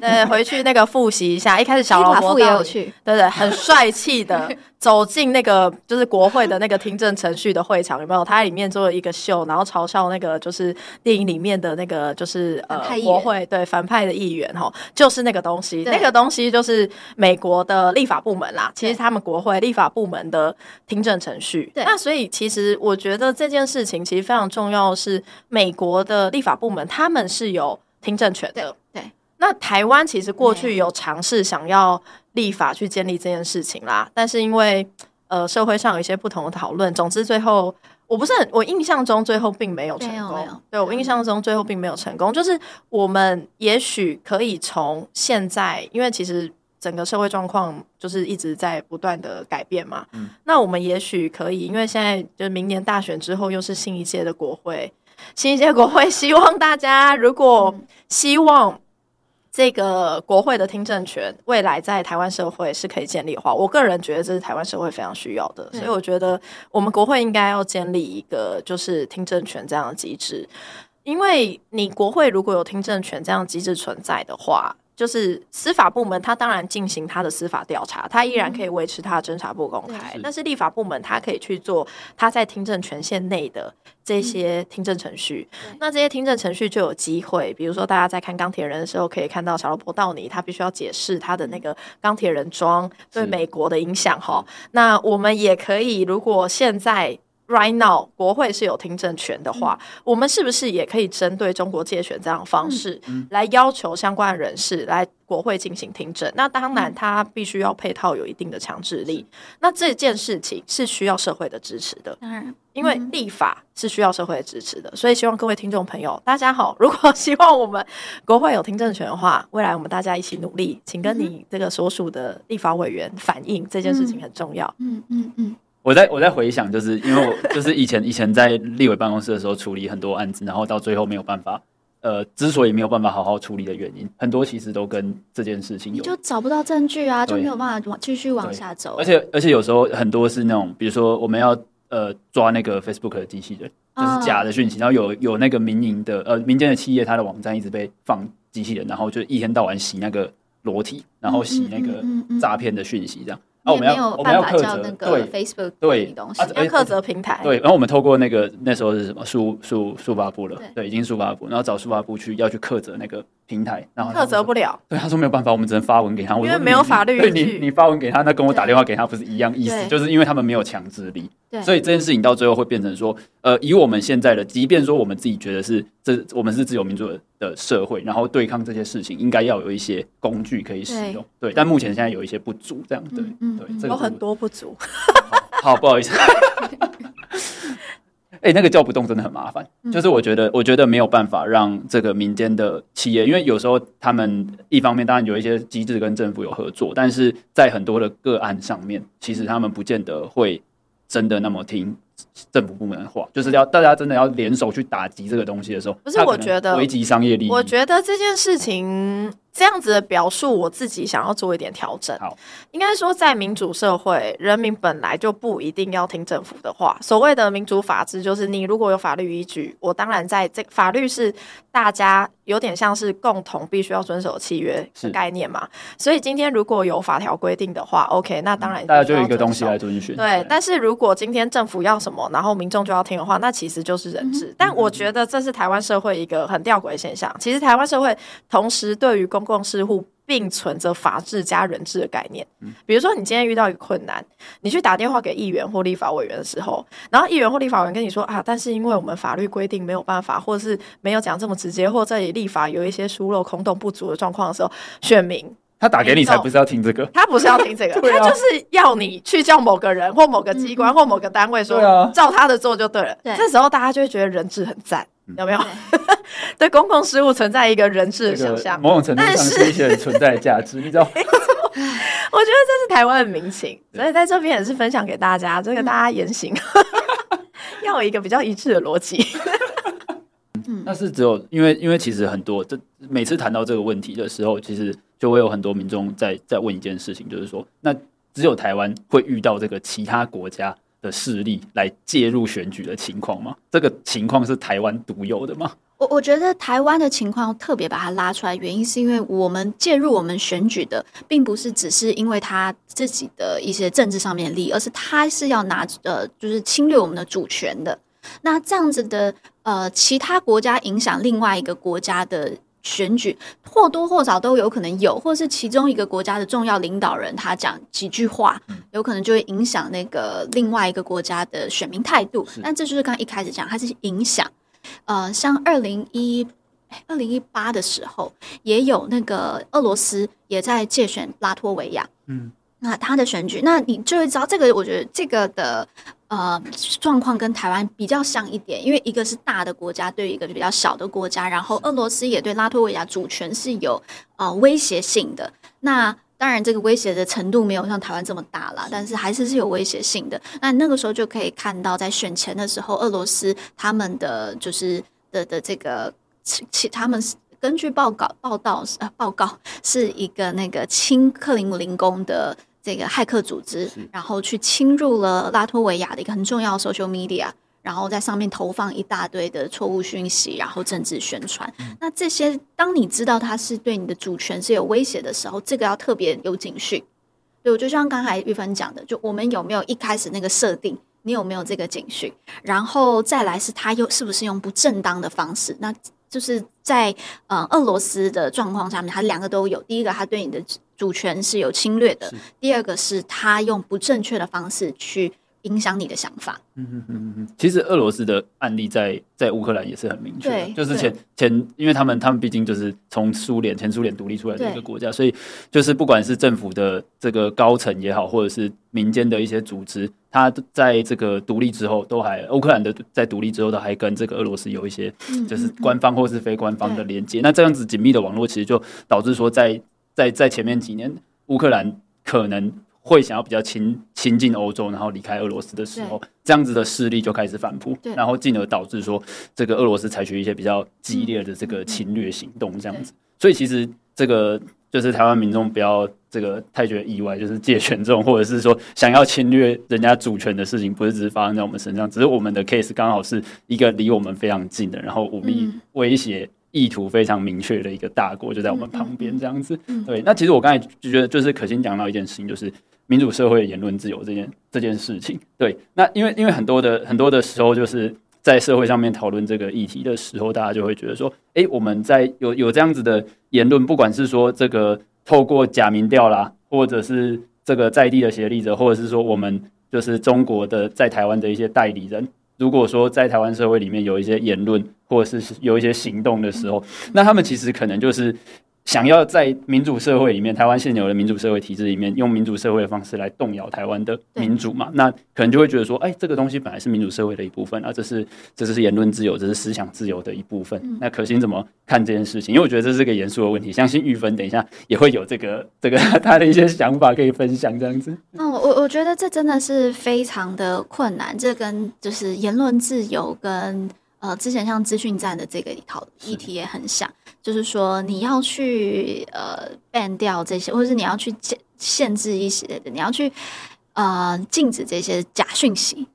呃，回去那個複習一下，一開始小勞勃到，對 對，很帥氣的。 走進那個就是國會的那個聽證程序的會場，有沒有？他在裡面做了一個秀，然後嘲笑那個就是電影裡面的那個就是呃，國會對反派的議員吼，就是那個東西，對那個東西就是美國的立法部門啦。其實他們國會立法部門的聽證程序，對那所以其實我覺得這件事情其實非常重要，是美國的立法部門他們是有聽證權的。對，對那台灣其實過去有嘗試想要。立法去建立這件事情啦，但是因為呃社會上有一些不同的討論，總之最後我不是很，我印象中最後並沒有成功。對，我印象中最後並沒有成功，嗯、就是我們也許可以從現在，因為其實整個社會狀況就是一直在不斷的改變嘛。嗯。那我們也許可以，因為現在就是明年大選之後又是新一屆的國會，新一屆國會希望大家如果希望。這個國會的聽證權未來在台灣社會是可以建立的話，我個人覺得這是台灣社會非常需要的，所以是我覺得我們國會應該要建立一個就是聽證權這樣的機制，因為你國會如果有聽證權這樣的機制存在的話。就是司法部門，他當然進行他的司法調查，他依然可以維持他的偵查不公開。嗯、是。但是立法部門，他可以去做他在聽證權限內的這些聽證程序。嗯、那這些聽證程序就有機會，比如說大家在看鋼鐵人的時候，可以看到小羅伯道尼他必須要解釋他的那個鋼鐵人裝對美國的影響哈。是。那我們也可以，如果現在。Right now，國會是有聽證權的話，嗯、我們是不是也可以針對中國介選這樣的方式，嗯、來要求相關人士來國會進行聽證？那當然，他必須要配套有一定的強制力。嗯、那這件事情是需要社會的支持的，當然嗯、因為立法是需要社會的支持的。所以，希望各位聽眾朋友，大家好。如果希望我們國會有聽證權的話，未來我們大家一起努力，請跟你這個所屬的立法委員反映，嗯、這件事情很重要。嗯嗯嗯。嗯嗯我在我在回想，就是因為我就是以前 以前在立委辦公室的時候，處理很多案子，然後到最後沒有辦法，呃，之所以沒有辦法好好處理的原因，很多其實都跟這件事情有，就找不到證據啊，對就沒有辦法往繼續往下走，欸。而且而且有時候很多是那種，比如說我們要呃抓那個 Facebook 的機器人，哦，就是假的訊息，然後有有那個民營的呃民間的企業，它的網站一直被放機器人，然後就一天到晚洗那個裸體，然後洗那個詐騙的訊息這樣。嗯嗯嗯嗯嗯哦，也沒有辦法叫那個 Facebook 的東西、哦，要課責、啊、平台。對，然後我們透過那個那時候是什麼數數數發部了，對，對，已經數發部，然後找數發部去要去課責那個。平台，然後他負責不了。對，他說沒有辦法，我們只能發文給他。因為沒有法律。對，你你發文給他，那跟我打電話給他不是一樣意思？就是因為他們沒有強制力，所以這件事情到最後會變成說，呃，以我們現在的，即便說我們自己覺得是這，我們是自由民主的的社會，然後對抗這些事情，應該要有一些工具可以使用。對，但目前現在有一些不足，這樣。對，對，有很多不足。好，不好意思。哎、欸，那個叫不動真的很麻煩，就是我覺得，我覺得沒有辦法讓這個民間的企業，因為有時候他們一方面當然有一些機制跟政府有合作，但是在很多的個案上面，其實他們不見得會真的那麼聽。政府部門的話，就是要大家真的要聯手去打擊這個東西的時候，不是我覺得危及商業利益。我覺得這件事情這樣子的表述，我自己想要做一點調整。好，應該說在民主社會，人民本來就不一定要聽政府的話。所謂的民主法治，就是你如果有法律依據，我當然在這法律是大家有點像是共同必須要遵守契約的概念嘛。是所以今天如果有法條規定的話，OK，那當然，嗯、大家就有一個東西來遵循。對，對但是如果今天政府要什麼？然後民眾就要聽的話，那其實就是人治。嗯嗯、但我覺得這是台灣社會一個很吊詭的現象。其實台灣社會同時對於公共事務並存着法治加人治的概念。嗯、比如說，你今天遇到一個困難，你去打電話給議員或立法委員的時候，然後議員或立法委員跟你說啊，但是因為我們法律規定沒有辦法，或是沒有講這麼直接，或者這裡立法有一些疏漏、空洞不足的狀況的時候，選民。嗯他打給你才不是要聽這個，嗯、他不是要聽這個， 啊、他就是要你去叫某個人或某個機關或某個單位說，照他的做就對了。對啊、這時候大家就會覺得人質很讚，對有沒有？對， 對公共事務存在一個人質的想像，某種程度上是一些存在的價值，是你知道？ 我覺得這是台灣的民情，所以在這邊也是分享給大家，這個大家言行 要有一個比較一致的邏輯。 那是只有因為因為其實很多這每次談到這個問題的時候，其實就會有很多民眾在在問一件事情，就是說，那只有台灣會遇到這個其他國家的勢力來介入選舉的情況嗎？這個情況是台灣獨有的嗎？我我覺得台灣的情況特別把它拉出來，原因是因為我們介入我們選舉的，並不是只是因為他自己的一些政治上面的利益，而是他是要拿呃，就是侵略我們的主權的。那這樣子的，呃，其他國家影響另外一個國家的選舉，或多或少都有可能有，或者是其中一個國家的重要領導人他講幾句話，有可能就會影響那個另外一個國家的選民態度。是但這就是剛剛一開始講，它是影響。呃，像二零一，二零一八的時候，也有那個俄羅斯也在介選拉脫維亞，嗯。那他的選舉，那你就會知道這個，我覺得這個的呃狀況跟台灣比較像一點，因為一個是大的國家對一個比較小的國家，然後俄羅斯也對拉脫維亞主權是有呃威脅性的。那當然這個威脅的程度沒有像台灣這麼大啦，是但是還是是有威脅性的。那那個時候就可以看到，在選前的時候，俄羅斯他們的就是的的這個其他們是根據報告報道，呃，報告是一個那個親克林姆林宮的。這個駭客組織，是然後去侵入了拉脫維亞的一個很重要的 social media，然後在上面投放一大堆的錯誤訊息，然後政治宣傳。嗯、那這些，當你知道它是對你的主權是有威脅的時候，這個要特別有警訊。對，我就像剛才郁芬講的，就我們有沒有一開始那個設定，你有沒有這個警訊？然後再來是他又是不是用不正當的方式？那就是在呃俄羅斯的狀況下面，它兩個都有。第一個，它對你的主權是有侵略的；是第二個，是它用不正確的方式去。影響你的想法。嗯哼嗯嗯嗯，其實俄羅斯的案例在在烏克蘭也是很明確，對 就是前對 前，因為他們他們畢竟就是從蘇聯前蘇聯獨立出來的一個國家，對 所以就是不管是政府的這個高層也好，或者是民間的一些組織，他在這個獨立之後都還烏克蘭的在獨立之後的還跟這個俄羅斯有一些就是官方或是非官方的連接。對 那這樣子緊密的網絡，其實就導致說在，在在在前面幾年，烏克蘭可能。會想要比較親親近歐洲，然後離開俄羅斯的時候，對這樣子的勢力就開始反撲，對然後進而導致說這個俄羅斯採取一些比較激烈的這個侵略行動，嗯、這樣子。對所以其實這個就是台灣民眾不要這個太覺得意外，就是介選這種或者是說想要侵略人家主權的事情，不是只是發生在我們身上，只是我們的 case 剛好是一個離我們非常近的，然後武力威脅意圖非常明確的一個大國就在我們旁邊、嗯、這樣子。對，那其實我剛才就覺得就是可心講到一件事情，就是。民主社會的言論自由這件這件事情，對，那因為因為很多的很多的時候，就是在社會上面討論這個議題的時候，大家就會覺得說，誒，我們在有有這樣子的言論，不管是說這個透過假民調啦，或者是這個在地的協力者，或者是說我們就是中國的在台灣的一些代理人，如果說在台灣社會裡面有一些言論，或者是有一些行動的時候，那他們其實可能就是。想要在民主社會裡面，台灣現有的民主社會體制裡面，用民主社會的方式來動搖台灣的民主嘛？對那可能就會覺得說，哎，這個東西本來是民主社會的一部分啊，這是這就是言論自由，這是思想自由的一部分。嗯、那可欣怎麼看這件事情？因為我覺得這是個嚴肅的問題，相信郁芬等一下也會有這個這個他的一些想法可以分享。這樣子，那、嗯、我我我覺得這真的是非常的困難。這跟就是言論自由跟呃之前像資訊戰的這個討是議題也很像。就是說，你要去呃 ban 掉這些，或者是你要去限限制一些，對對對，你要去呃禁止這些假訊息。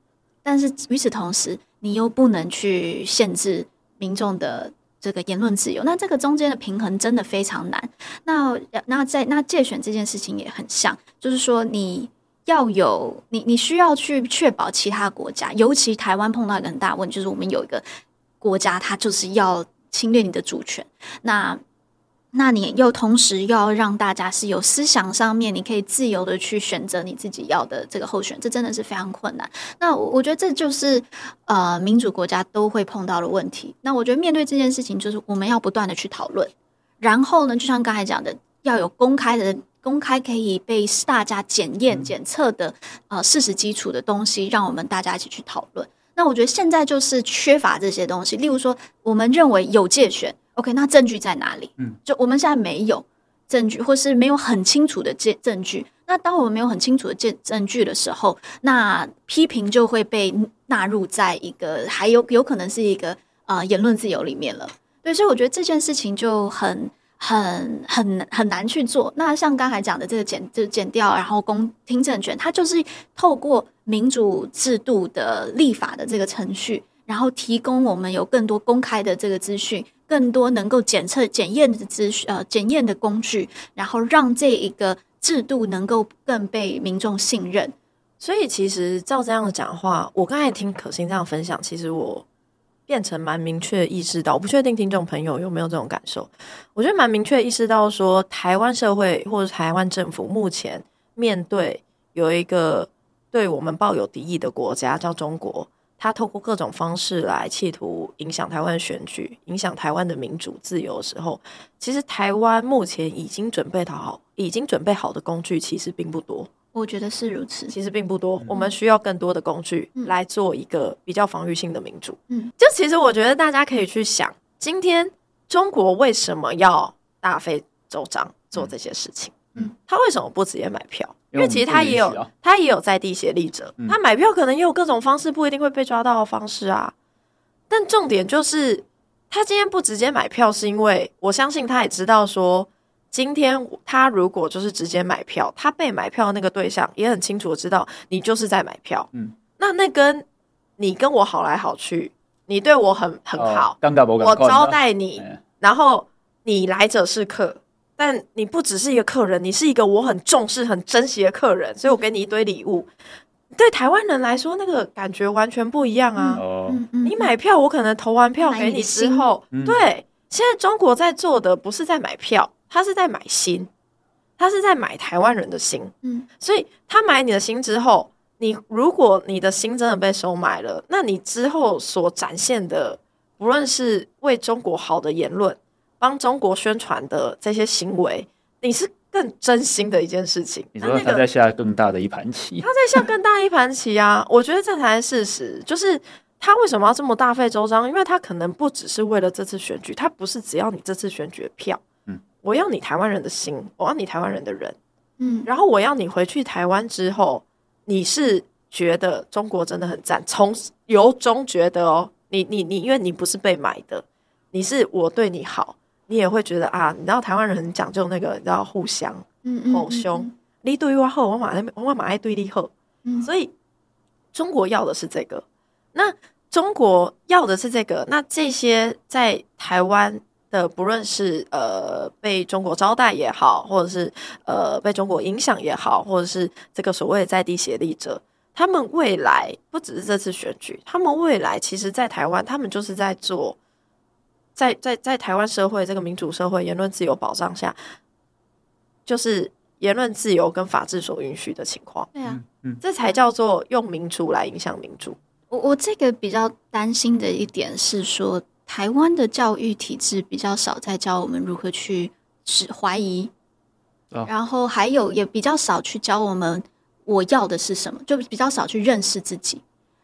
但是與此同時，你又不能去限制民眾的這個言論自由。那這個中間的平衡真的非常難。那那在那界選這件事情也很像，就是說你要有你你需要去確保其他國家，尤其台灣碰到一個很大問題，就是我們有一個國家，它就是要。侵略你的主權，那，那你又同時要讓大家是有思想上面，你可以自由的去選擇你自己要的這個候選，這真的是非常困難。那我覺得這就是呃民主國家都會碰到的問題。那我覺得面對這件事情，就是我們要不斷的去討論。然後呢，就像剛才講的，要有公開的、公開可以被大家檢驗檢測的呃事實基礎的東西，讓我們大家一起去討論。那我覺得現在就是缺乏這些東西，例如說，我們認為有介選，OK，那證據在哪裡？嗯，就我們現在沒有證據，或是沒有很清楚的證證據。那當我們沒有很清楚的證證據的時候，那批評就會被納入在一個，還有有可能是一個、呃、言論自由裡面了。對，所以我覺得這件事情就很很很很難，很難去做。那像剛才講的這個剪，就剪掉，然後公聽證權，它就是透過。民主制度的立法的這個程序，然後提供我們有更多公開的這個資訊，更多能夠檢測檢驗的資訊，呃，檢驗的工具，然後讓這一個制度能夠更被民眾信任。所以，其實照這樣講的話，我剛才聽可心這樣分享，其實我變成蠻明確意識到，我不確定聽眾朋友有沒有這種感受。我覺得蠻明確意識到說，台灣社會或者台灣政府目前面對有一個，對我們抱有敵意的國家叫中國，他透過各種方式來企圖影響台灣選舉、影響台灣的民主自由的時候，其實台灣目前已經準備好、已經準備好的工具其實並不多。我覺得是如此，其實並不多。我們需要更多的工具來做一個比較防禦性的民主。嗯，就其實我覺得大家可以去想，今天中國為什麼要大費周章做這些事情？嗯嗯，他為什麼不直接買票？因為其實他也有，嗯，他也有在地協力者，嗯，他買票可能也有各種方式，不一定會被抓到的方式啊。但重點就是，他今天不直接買票，是因為我相信他也知道說，說今天他如果就是直接買票，他被買票的那個對象也很清楚的知道你就是在買票。嗯，那那跟你跟我好來好去，你對我很很好，嗯，我招待你，嗯，然後你來者是客。但你不只是一個客人，你是一個我很重視、很珍惜的客人，所以我給你一堆禮物。 對台灣人來說，那個感覺完全不一樣啊！嗯嗯嗯，你買票，我可能投完票給你之後，對，現在中國在做的不是在買票，他是在買心，他是在買台灣人的心。嗯，所以他買你的心之後，你如果你的心真的被收買了，那你之後所展現的，不論是為中國好的言論。幫中國宣傳的這些行為，你是更真心的一件事情。你說他在下更大的一盤棋？那、那個，他在下更大一盤棋啊！ 我覺得這才是事實。就是他為什麼要這麼大費周章？因為他可能不只是為了這次選舉，他不是只要你這次選舉的票，嗯，我要你台灣人的心，我要你台灣人的人，嗯，然後我要你回去台灣之後，你是覺得中國真的很讚，從由衷覺得哦、喔，你你你，因為你不是被買的，你是我對你好。你也會覺得啊，你知道台灣人很講究那個，你知道互相，吼兄嗯嗯嗯嗯嗯，你對我好，我馬那我馬馬要對你好，嗯、所以中國要的是這個。那中國要的是這個。那這些在台灣的，不論是呃被中國招待也好，或者是呃被中國影響也好，或者是這個所謂在地協力者，他們未來不只是這次選舉，他們未來其實在台灣，他們就是在做。在在在台灣社會這個民主社會，言論自由保障下，就是言論自由跟法治所允許的情況。對啊，這才叫做用民主來影響民主。我我這個比較擔心的一點是說，說台灣的教育體制比較少在教我們如何去懷疑，哦、然後還有也比較少去教我們我要的是什麼，就比較少去認識自己。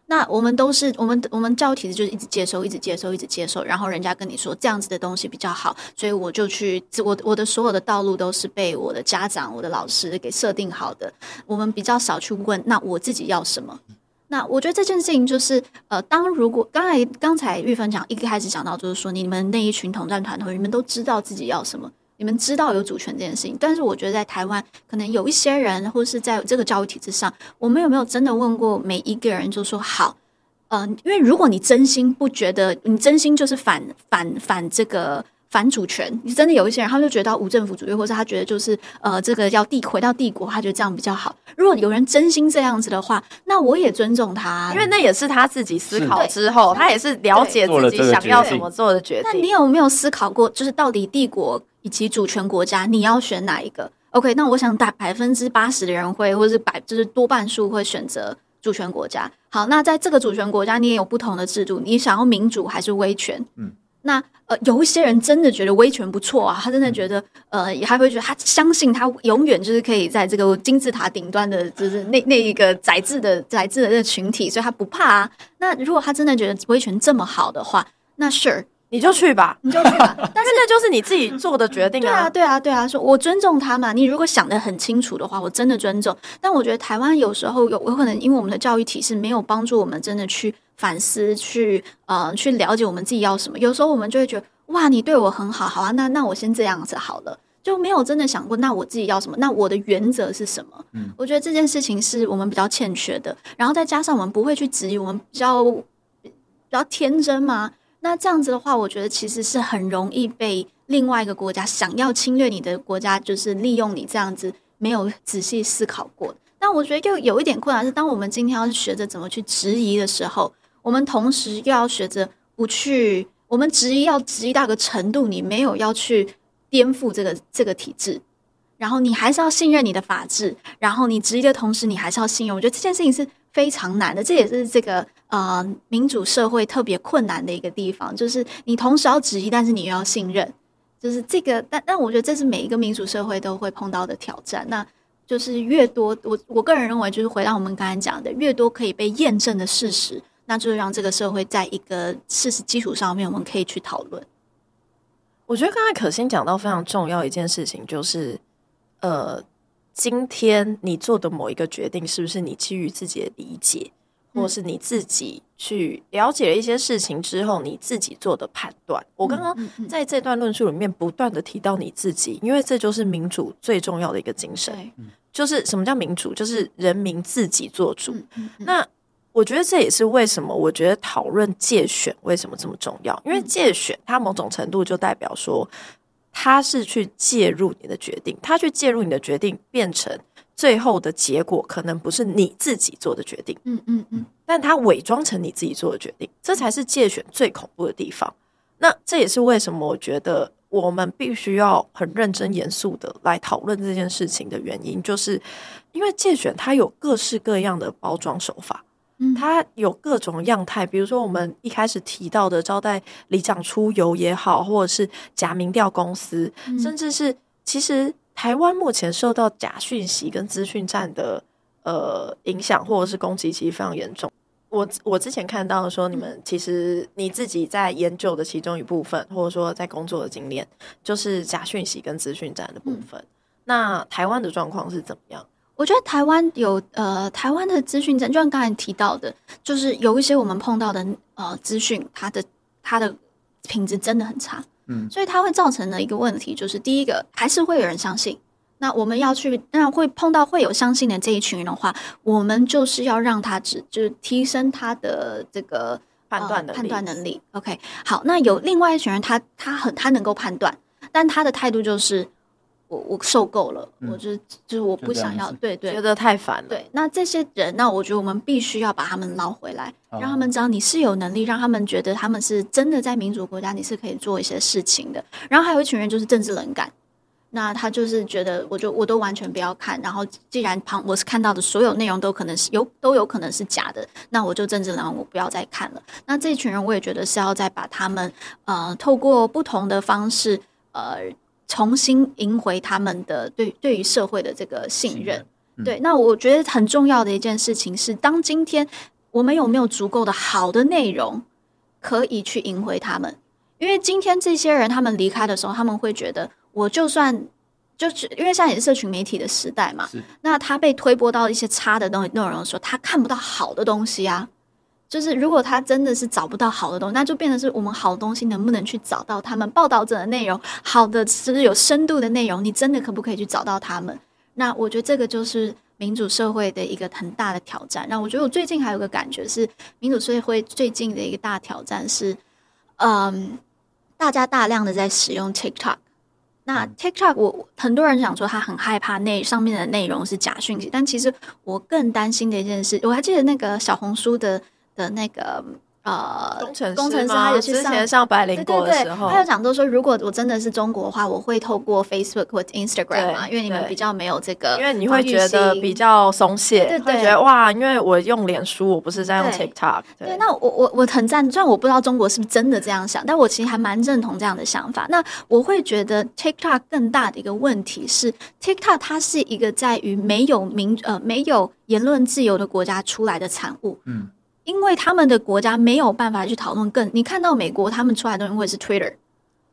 那我們都是我們我們教育體制就是一直接受一直接受一直接受，然後人家跟你說這樣子的東西比較好，所以我就去我我的所有的道路都是被我的家長、我的老師給設定好的，我們比較少去問，那我自己要什麼。嗯、那我覺得這件事情就是呃，當如果剛才剛才郁芬講一開始講到就是說，你們那一群統戰團團，你們都知道自己要什麼。你們知道有主權這件事情，但是我覺得在台灣可能有一些人，或是在這個教育體製上，我們有沒有真的問過每一個人？就說好，嗯、呃，因為如果你真心不覺得，你真心就是反反反這個。反主權，你真的有一些人，他就覺得無政府主義，或者他覺得就是呃，這個要帝回到帝國，他覺得這樣比較好。如果有人真心這樣子的話，那我也尊重他，嗯、因為那也是他自己思考之後，是他也是了解自己對想要怎麼做的決定。那你有沒有思考過，就是到底帝國以及主權國家，你要選哪一個？OK，那我想大百分之八十的人會，或是百就是多半數會選擇主權國家。好，那在這個主權國家，你也有不同的制度，你想要民主還是威權？嗯。那呃，有一些人真的覺得威權不錯啊，他真的覺得，呃，也還會覺得他相信他永遠就是可以在這個金字塔頂端的，就是那那一個宰制的宰制的那個群體，所以他不怕啊。那如果他真的覺得威權這麼好的話，那 sure 你就去吧，你就去吧。 但是那就是你自己做的決定啊。 對啊，對啊，對啊，說，我尊重他嘛。你如果想得很清楚的話，我真的尊重。但我覺得台灣有時候有，有可能因為我們的教育體系沒有幫助我們真的去。反思去，呃，去了解我們自己要什麼。有時候我們就會覺得，哇，你對我很好，好啊，那那我先這樣子好了，就沒有真的想過，那我自己要什麼？那我的原則是什麼？嗯，我覺得這件事情是我們比較欠缺的。然後再加上我們不會去質疑，我們比較比較天真嘛。那這樣子的話，我覺得其實是很容易被另外一個國家想要侵略你的國家，就是利用你這樣子沒有仔細思考過。那我覺得又有一點困難是，當我們今天要學着怎麼去質疑的時候。我們同時又要學着不去，我們質疑要質疑到個程度，你沒有要去顛覆這個這個體制，然後你還是要信任你的法治，然後你質疑的同時，你還是要信任。我覺得這件事情是非常難的，這也是這個呃民主社會特別困難的一個地方，就是你同時要質疑，但是你又要信任，就是這個。但但我覺得這是每一個民主社會都會碰到的挑戰。那就是越多，我我個人認為，就是回到我們剛才講的，越多可以被驗證的事實。那就是讓這個社會在一個事實基礎上面，我們可以去討論。我覺得剛才可心講到非常重要一件事情，就是呃，今天你做的某一個決定，是不是你基於自己的理解，或是你自己去了解了一些事情之後，你自己做的判斷？我剛剛在這段論述裡面不斷地提到你自己，因為這就是民主最重要的一個精神，就是什麼叫民主？就是人民自己做主。那我覺得這也是為什麼，我覺得討論介選為什麼這麼重要，因為介選它某種程度就代表說，他是去介入你的決定，他去介入你的決定，變成最後的結果可能不是你自己做的決定，嗯嗯嗯，但他偽裝成你自己做的決定，這才是介選最恐怖的地方。那這也是為什麼我覺得我們必須要很認真嚴肅的來討論這件事情的原因，就是因為介選它有各式各樣的包裝手法。它有各種樣態，比如說我們一開始提到的招待里長出遊也好，或者是假民調公司，嗯、甚至是其實台灣目前受到假訊息跟資訊戰的呃影響或者是攻擊，其實非常嚴重。我我之前看到說，你們其實你自己在研究的其中一部分，嗯、或者說在工作的經驗，就是假訊息跟資訊戰的部分。嗯、那台灣的狀況是怎麼樣？我覺得台灣有呃，台灣的資訊，就像剛才提到的，就是有一些我們碰到的呃資訊，它的它的品質真的很差，嗯，所以它會造成的一個問題就是，第一個還是會有人相信。那我們要去，那會碰到會有相信的這一群人的話，我們就是要讓他只就是提升他的這個、呃、判斷的判斷能力。OK，好，那有另外一群人他，他他很他能夠判斷，但他的態度就是。我受夠了，嗯、我就是就是我不想要，對，對對，覺得太煩了。對，那這些人，那我覺得我們必須要把他們撈回來，嗯、讓他們知道你是有能力，讓他們覺得他們是真的在民主國家，你是可以做一些事情的。然後還有一群人就是政治冷感，那他就是覺得我就我都完全不要看。然後既然旁我是看到的所有內容都可能是有都有可能是假的，那我就政治冷，我不要再看了。那這一群人，我也覺得是要再把他們呃，透過不同的方式呃。重新贏回他們的對對於社會的這個信任，信任嗯、對。那我覺得很重要的一件事情是，當今天我們有沒有足夠的好的內容可以去贏回他們？因為今天這些人他們離開的時候，他們會覺得，我就算就是，因為現在也是社群媒體的時代嘛，是那他被推播到一些差的東西內容的時候，他看不到好的東西啊。就是如果他真的是找不到好的東西，那就變成是我們好東西能不能去找到他們報道者的內容，好的是不是有深度的內容，你真的可不可以去找到他們？那我覺得這個就是民主社會的一個很大的挑戰。那我覺得我最近還有一個感覺是，民主社會最近的一個大挑戰是，嗯、呃，大家大量的在使用 TikTok。那 TikTok，我，我很多人想說他很害怕那上面的內容是假訊息，但其實我更擔心的一件事，我還記得那個小紅書的。的那個呃，工程師嘛，工程師他也之前上百靈果的時候，對對對，他有講都說，如果我真的是中國的話，嗯、我會透過 Facebook 或 Instagram 對因為你們比較沒有這個，因為你會覺得比較鬆懈，對，對對，覺得哇，因為我用臉書，我不是在用 TikTok 對對。對，那我我我很贊，雖然我不知道中國是不是真的這樣想，嗯、但我其實還蠻認同這樣的想法。那我會覺得 TikTok 更大的一個問題是，TikTok 它是一個在於沒有民呃沒有言論自由的國家出來的產物，嗯。因為他們的國家沒有辦法去討論更，你看到美國他們出來的東西會是 Twitter，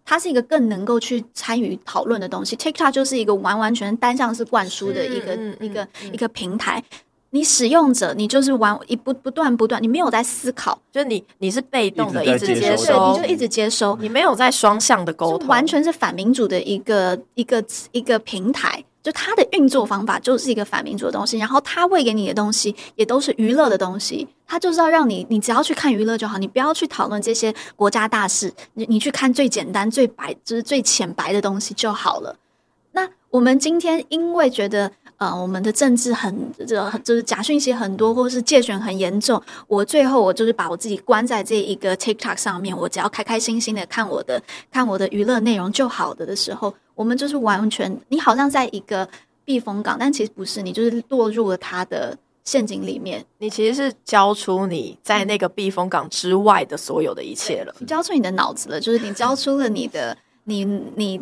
它是一個更能夠去參與討論的東西。TikTok 就是一個完完全全單向式灌輸的一個、嗯、一個、嗯、一個平台，你使用者你就是完一不不斷不斷，你沒有在思考，就是你你是被動的，一直，一直接收，對，你就一直接收，嗯、你沒有在雙向的溝通，完全是反民主的一個一個一個平台。就它的運作方法就是一個反民主的東西，然後它餵給你的東西也都是娛樂的東西，它就是要讓你，你只要去看娛樂就好，你不要去討論這些國家大事，你你去看最簡單、最白，就是最淺白的東西就好了。那我們今天因為覺得，呃，我們的政治很這就，就是假訊息很多，或者是介選很嚴重，我最後我就是把我自己關在這一個 TikTok 上面，我只要開開心心的看我的看我的娛樂內容就好了的，的時候。我們就是完全，你好像在一個避風港，但其實不是，你就是落入了他的陷阱裡面。你其實是交出你在那個避風港之外的所有的一切了，嗯、你交出你的腦子了，就是你交出了你的， 你你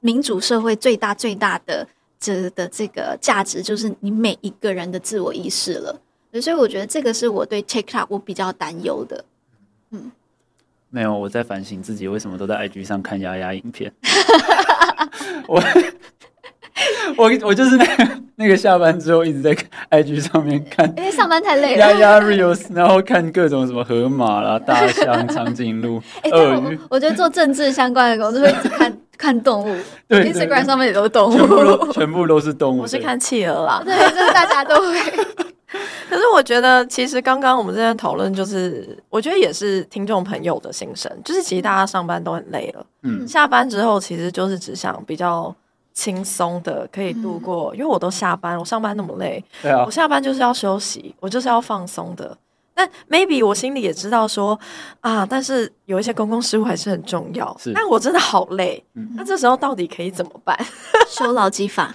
民主社會最大最大的這的這個價值，就是你每一個人的自我意識了。所以我覺得這個是我對 TikTok 我比較擔憂的，嗯。沒有，我在反省自己為什麼都在 IG 上看丫丫影片。我我我就是那個那個下班之後一直在 IG 上面看，因為上班太累了。丫丫 Reels 然後看各種什麼河馬啦、大象、長頸鹿、鱷魚。我覺得做政治相關的工作會一直看看動物。對，Instagram 上面也都是動物，全部都是動物。我是看企鵝啦，對，就是大家都會。 可是我覺得，其實剛剛我們這邊討論，就是我覺得也是聽眾朋友的心聲，就是其實大家上班都很累了，嗯，下班之後其實就是只想比較輕鬆的可以度過，因為我都下班，我上班那麼累，對啊，我下班就是要休息，我就是要放鬆的。但 maybe 我心裡也知道說啊，但是有一些公共事務還是很重要，但我真的好累，那這時候到底可以怎麼辦？修勞基法。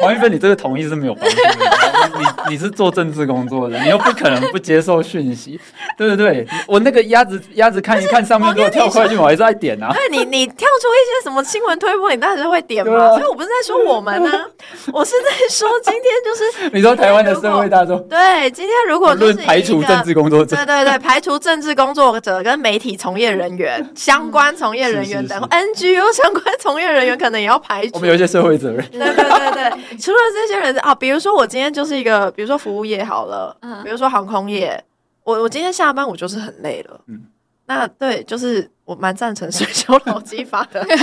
黃郁芬，你這個同意是沒有關係的。你你是做政治工作的，你又不可能不接受訊息，對對對。我那個鴨子鴨子，看一看上面要跳快訊，我還在點啊。對你你跳出一些什麼新聞推播，你當時會點嗎？所以我不是在說我們呢，我是在說今天就是你說台灣的社會大眾。對，今天如果論排除政治工作者，對對對，排除政治工作者跟媒體從業人員、相關從業人員等 NGO 相關從業人員，可能也要排除。我們有一些社會責任。對對對對。除了這些人啊，比如說我今天就是一個，比如說服務業好了，嗯，比如說航空業，我我今天下班我就是很累了，嗯，那對，就是我蠻贊成修勞基法的，對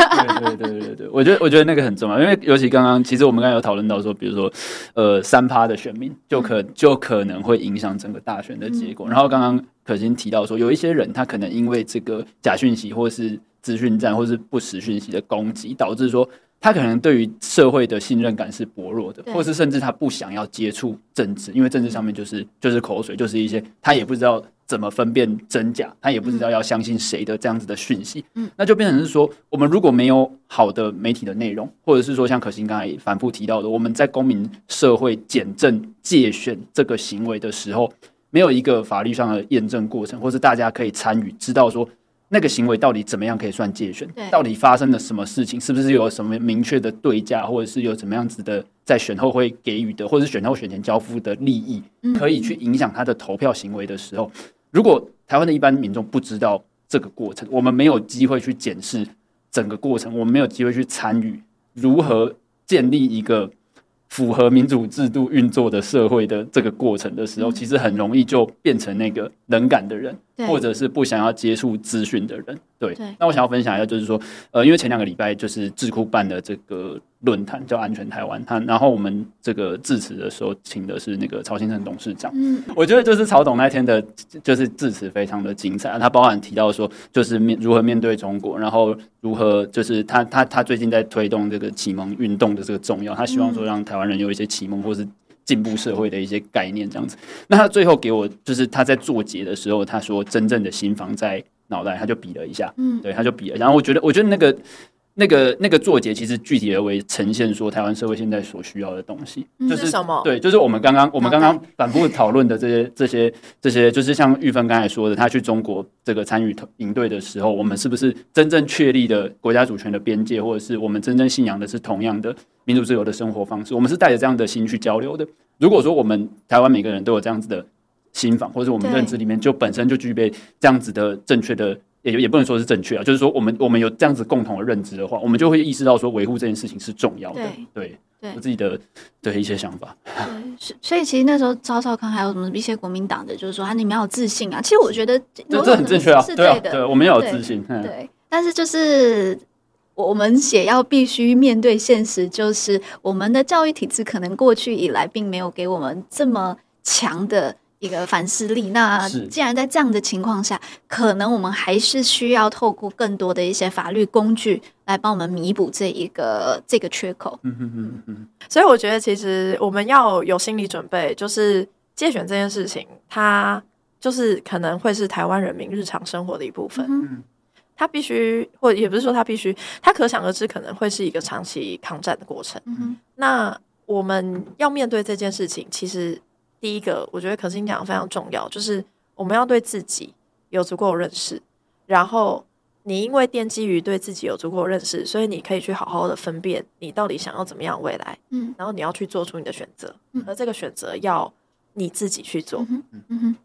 對對對對，我覺得我覺得那個很重要，因為尤其剛剛其實我們剛剛有討論到說，比如說呃三趴的選民就可、嗯、就可能會影響整個大選的結果，嗯、然後剛剛可心提到說有一些人他可能因為這個假訊息或是資訊戰或是不實訊息的攻擊，導致說。他可能對於社會的信任感是薄弱的，對或是甚至他不想要接觸政治，因為政治上面就是、嗯、就是口水，就是一些他也不知道怎麼分辨真假，嗯、他也不知道要相信誰的這樣子的訊息，嗯，那就變成是說，我們如果沒有好的媒體的內容，或者是說像可心剛才反覆提到的，我們在公民社會檢證、介選這個行為的時候，沒有一個法律上的驗證過程，或是大家可以參與知道說。那個行為到底怎麼樣可以算介選？對到底發生了什麼事情？是不是有什麼明確的對價，或者是有什麼樣子的在選後會給予的，或者是選後選前交付的利益，可以去影響他的投票行為的時候？如果台灣的一般民眾不知道這個過程，我們沒有機會去檢視整個過程，我們沒有機會去參與，如何建立一個符合民主制度運作的社會的這個過程的時候，其實很容易就變成那個冷感的人，對或者是不想要接觸資訊的人。對，那我想要分享一下，就是說，呃，因為前兩個禮拜就是智庫辦的這個論壇叫“安全台灣”，他然後我們這個致辭的時候請的是那個曹興誠董事長。嗯，我覺得就是曹董那天的，就是致辭非常的精彩，他包含提到說，就是面如何面對中國，然後如何就是他他他最近在推動這個啟蒙運動的這個重要，他希望說讓台灣人有一些啟蒙或是進步社會的一些概念這樣子。那他最後給我就是他在作結的時候，他說真正的心防在，腦袋他、嗯，他就比了一下，嗯，對，他就比了，然後我覺得，我覺得那個那個那個作結，其實具體而為呈現說，台灣社會現在所需要的東西，嗯、就是、是什麼？對，就是我們剛剛我們剛剛反覆討論的這些腦袋 這些這些，就是像郁芬剛才說的， 他去中國這個參與營隊的時候，我們是不是真正確立的國家主權的邊界，或者是我們真正信仰的是同樣的民主自由的生活方式？我們是帶着這樣的心去交流的。如果說我們台灣每個人都有這樣子的。心防，或者我們認知裡面就本身就具備這樣子的正確的，也也不能說是正確啊，就是說我們我們有這樣子共同的認知的話，我們就會意識到說維護這件事情是重要的。對對，我自己的的一些想法。對， 所以其實那時候趙少康還有什麼一些國民黨的，就是說啊，你們要有自信啊。其實我覺得是是這，這很正確啊，是對，啊對，啊對，啊對，啊對啊我們要有，有自信。對，但是就是我們也要必須面對現實，就是我們的教育體制可能過去以來並沒有給我們這麼強的。一個反思力。那既然在這樣的情況下，是可能我們還是需要透過更多的一些法律工具來幫我們彌補這一個這個缺口。嗯嗯嗯嗯。所以我覺得，其實我們要有心理準備，就是介選這件事情，它就是可能會是台灣人民日常生活的一部分。嗯哼，它必須，或也不是說它必須，它可想而知，可能會是一個長期抗戰的過程。嗯哼那我們要面對這件事情，其實。第一個，我覺得可心你講的非常重要，就是我們要對自己有足夠認識，然後你因為奠基於對自己有足夠認識，所以你可以去好好的分辨你到底想要怎麼樣未來，嗯、然後你要去做出你的選擇，嗯、而這個選擇要你自己去做，嗯嗯、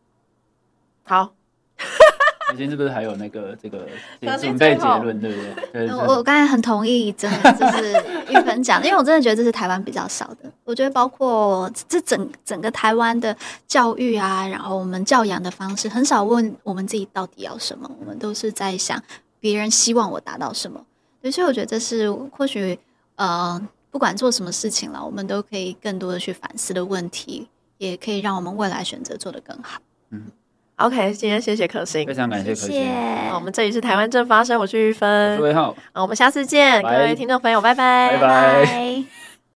好。 你今天是不是還有那個這個準備結論，對不對，對，對,對、嗯？我我剛才很同意，真的就是郁芬講的，因為我真的覺得這是台灣比較少的。我覺得包括這整整個台灣的教育啊，然後我們教養的方式，很少問我們自己到底要什麼，我們都是在想別人希望我達到什麼。所以我覺得這是或許呃，不管做什麼事情啦，我們都可以更多的去反思的問題，也可以讓我們未來選擇做得更好。嗯。OK，今天謝謝可心，非常感謝可心，啊謝啊。我們這裡是台灣正發生，我是郁芬，各位好，我們下次見，Bye 各位聽眾朋友，拜拜，拜拜 bye。Bye bye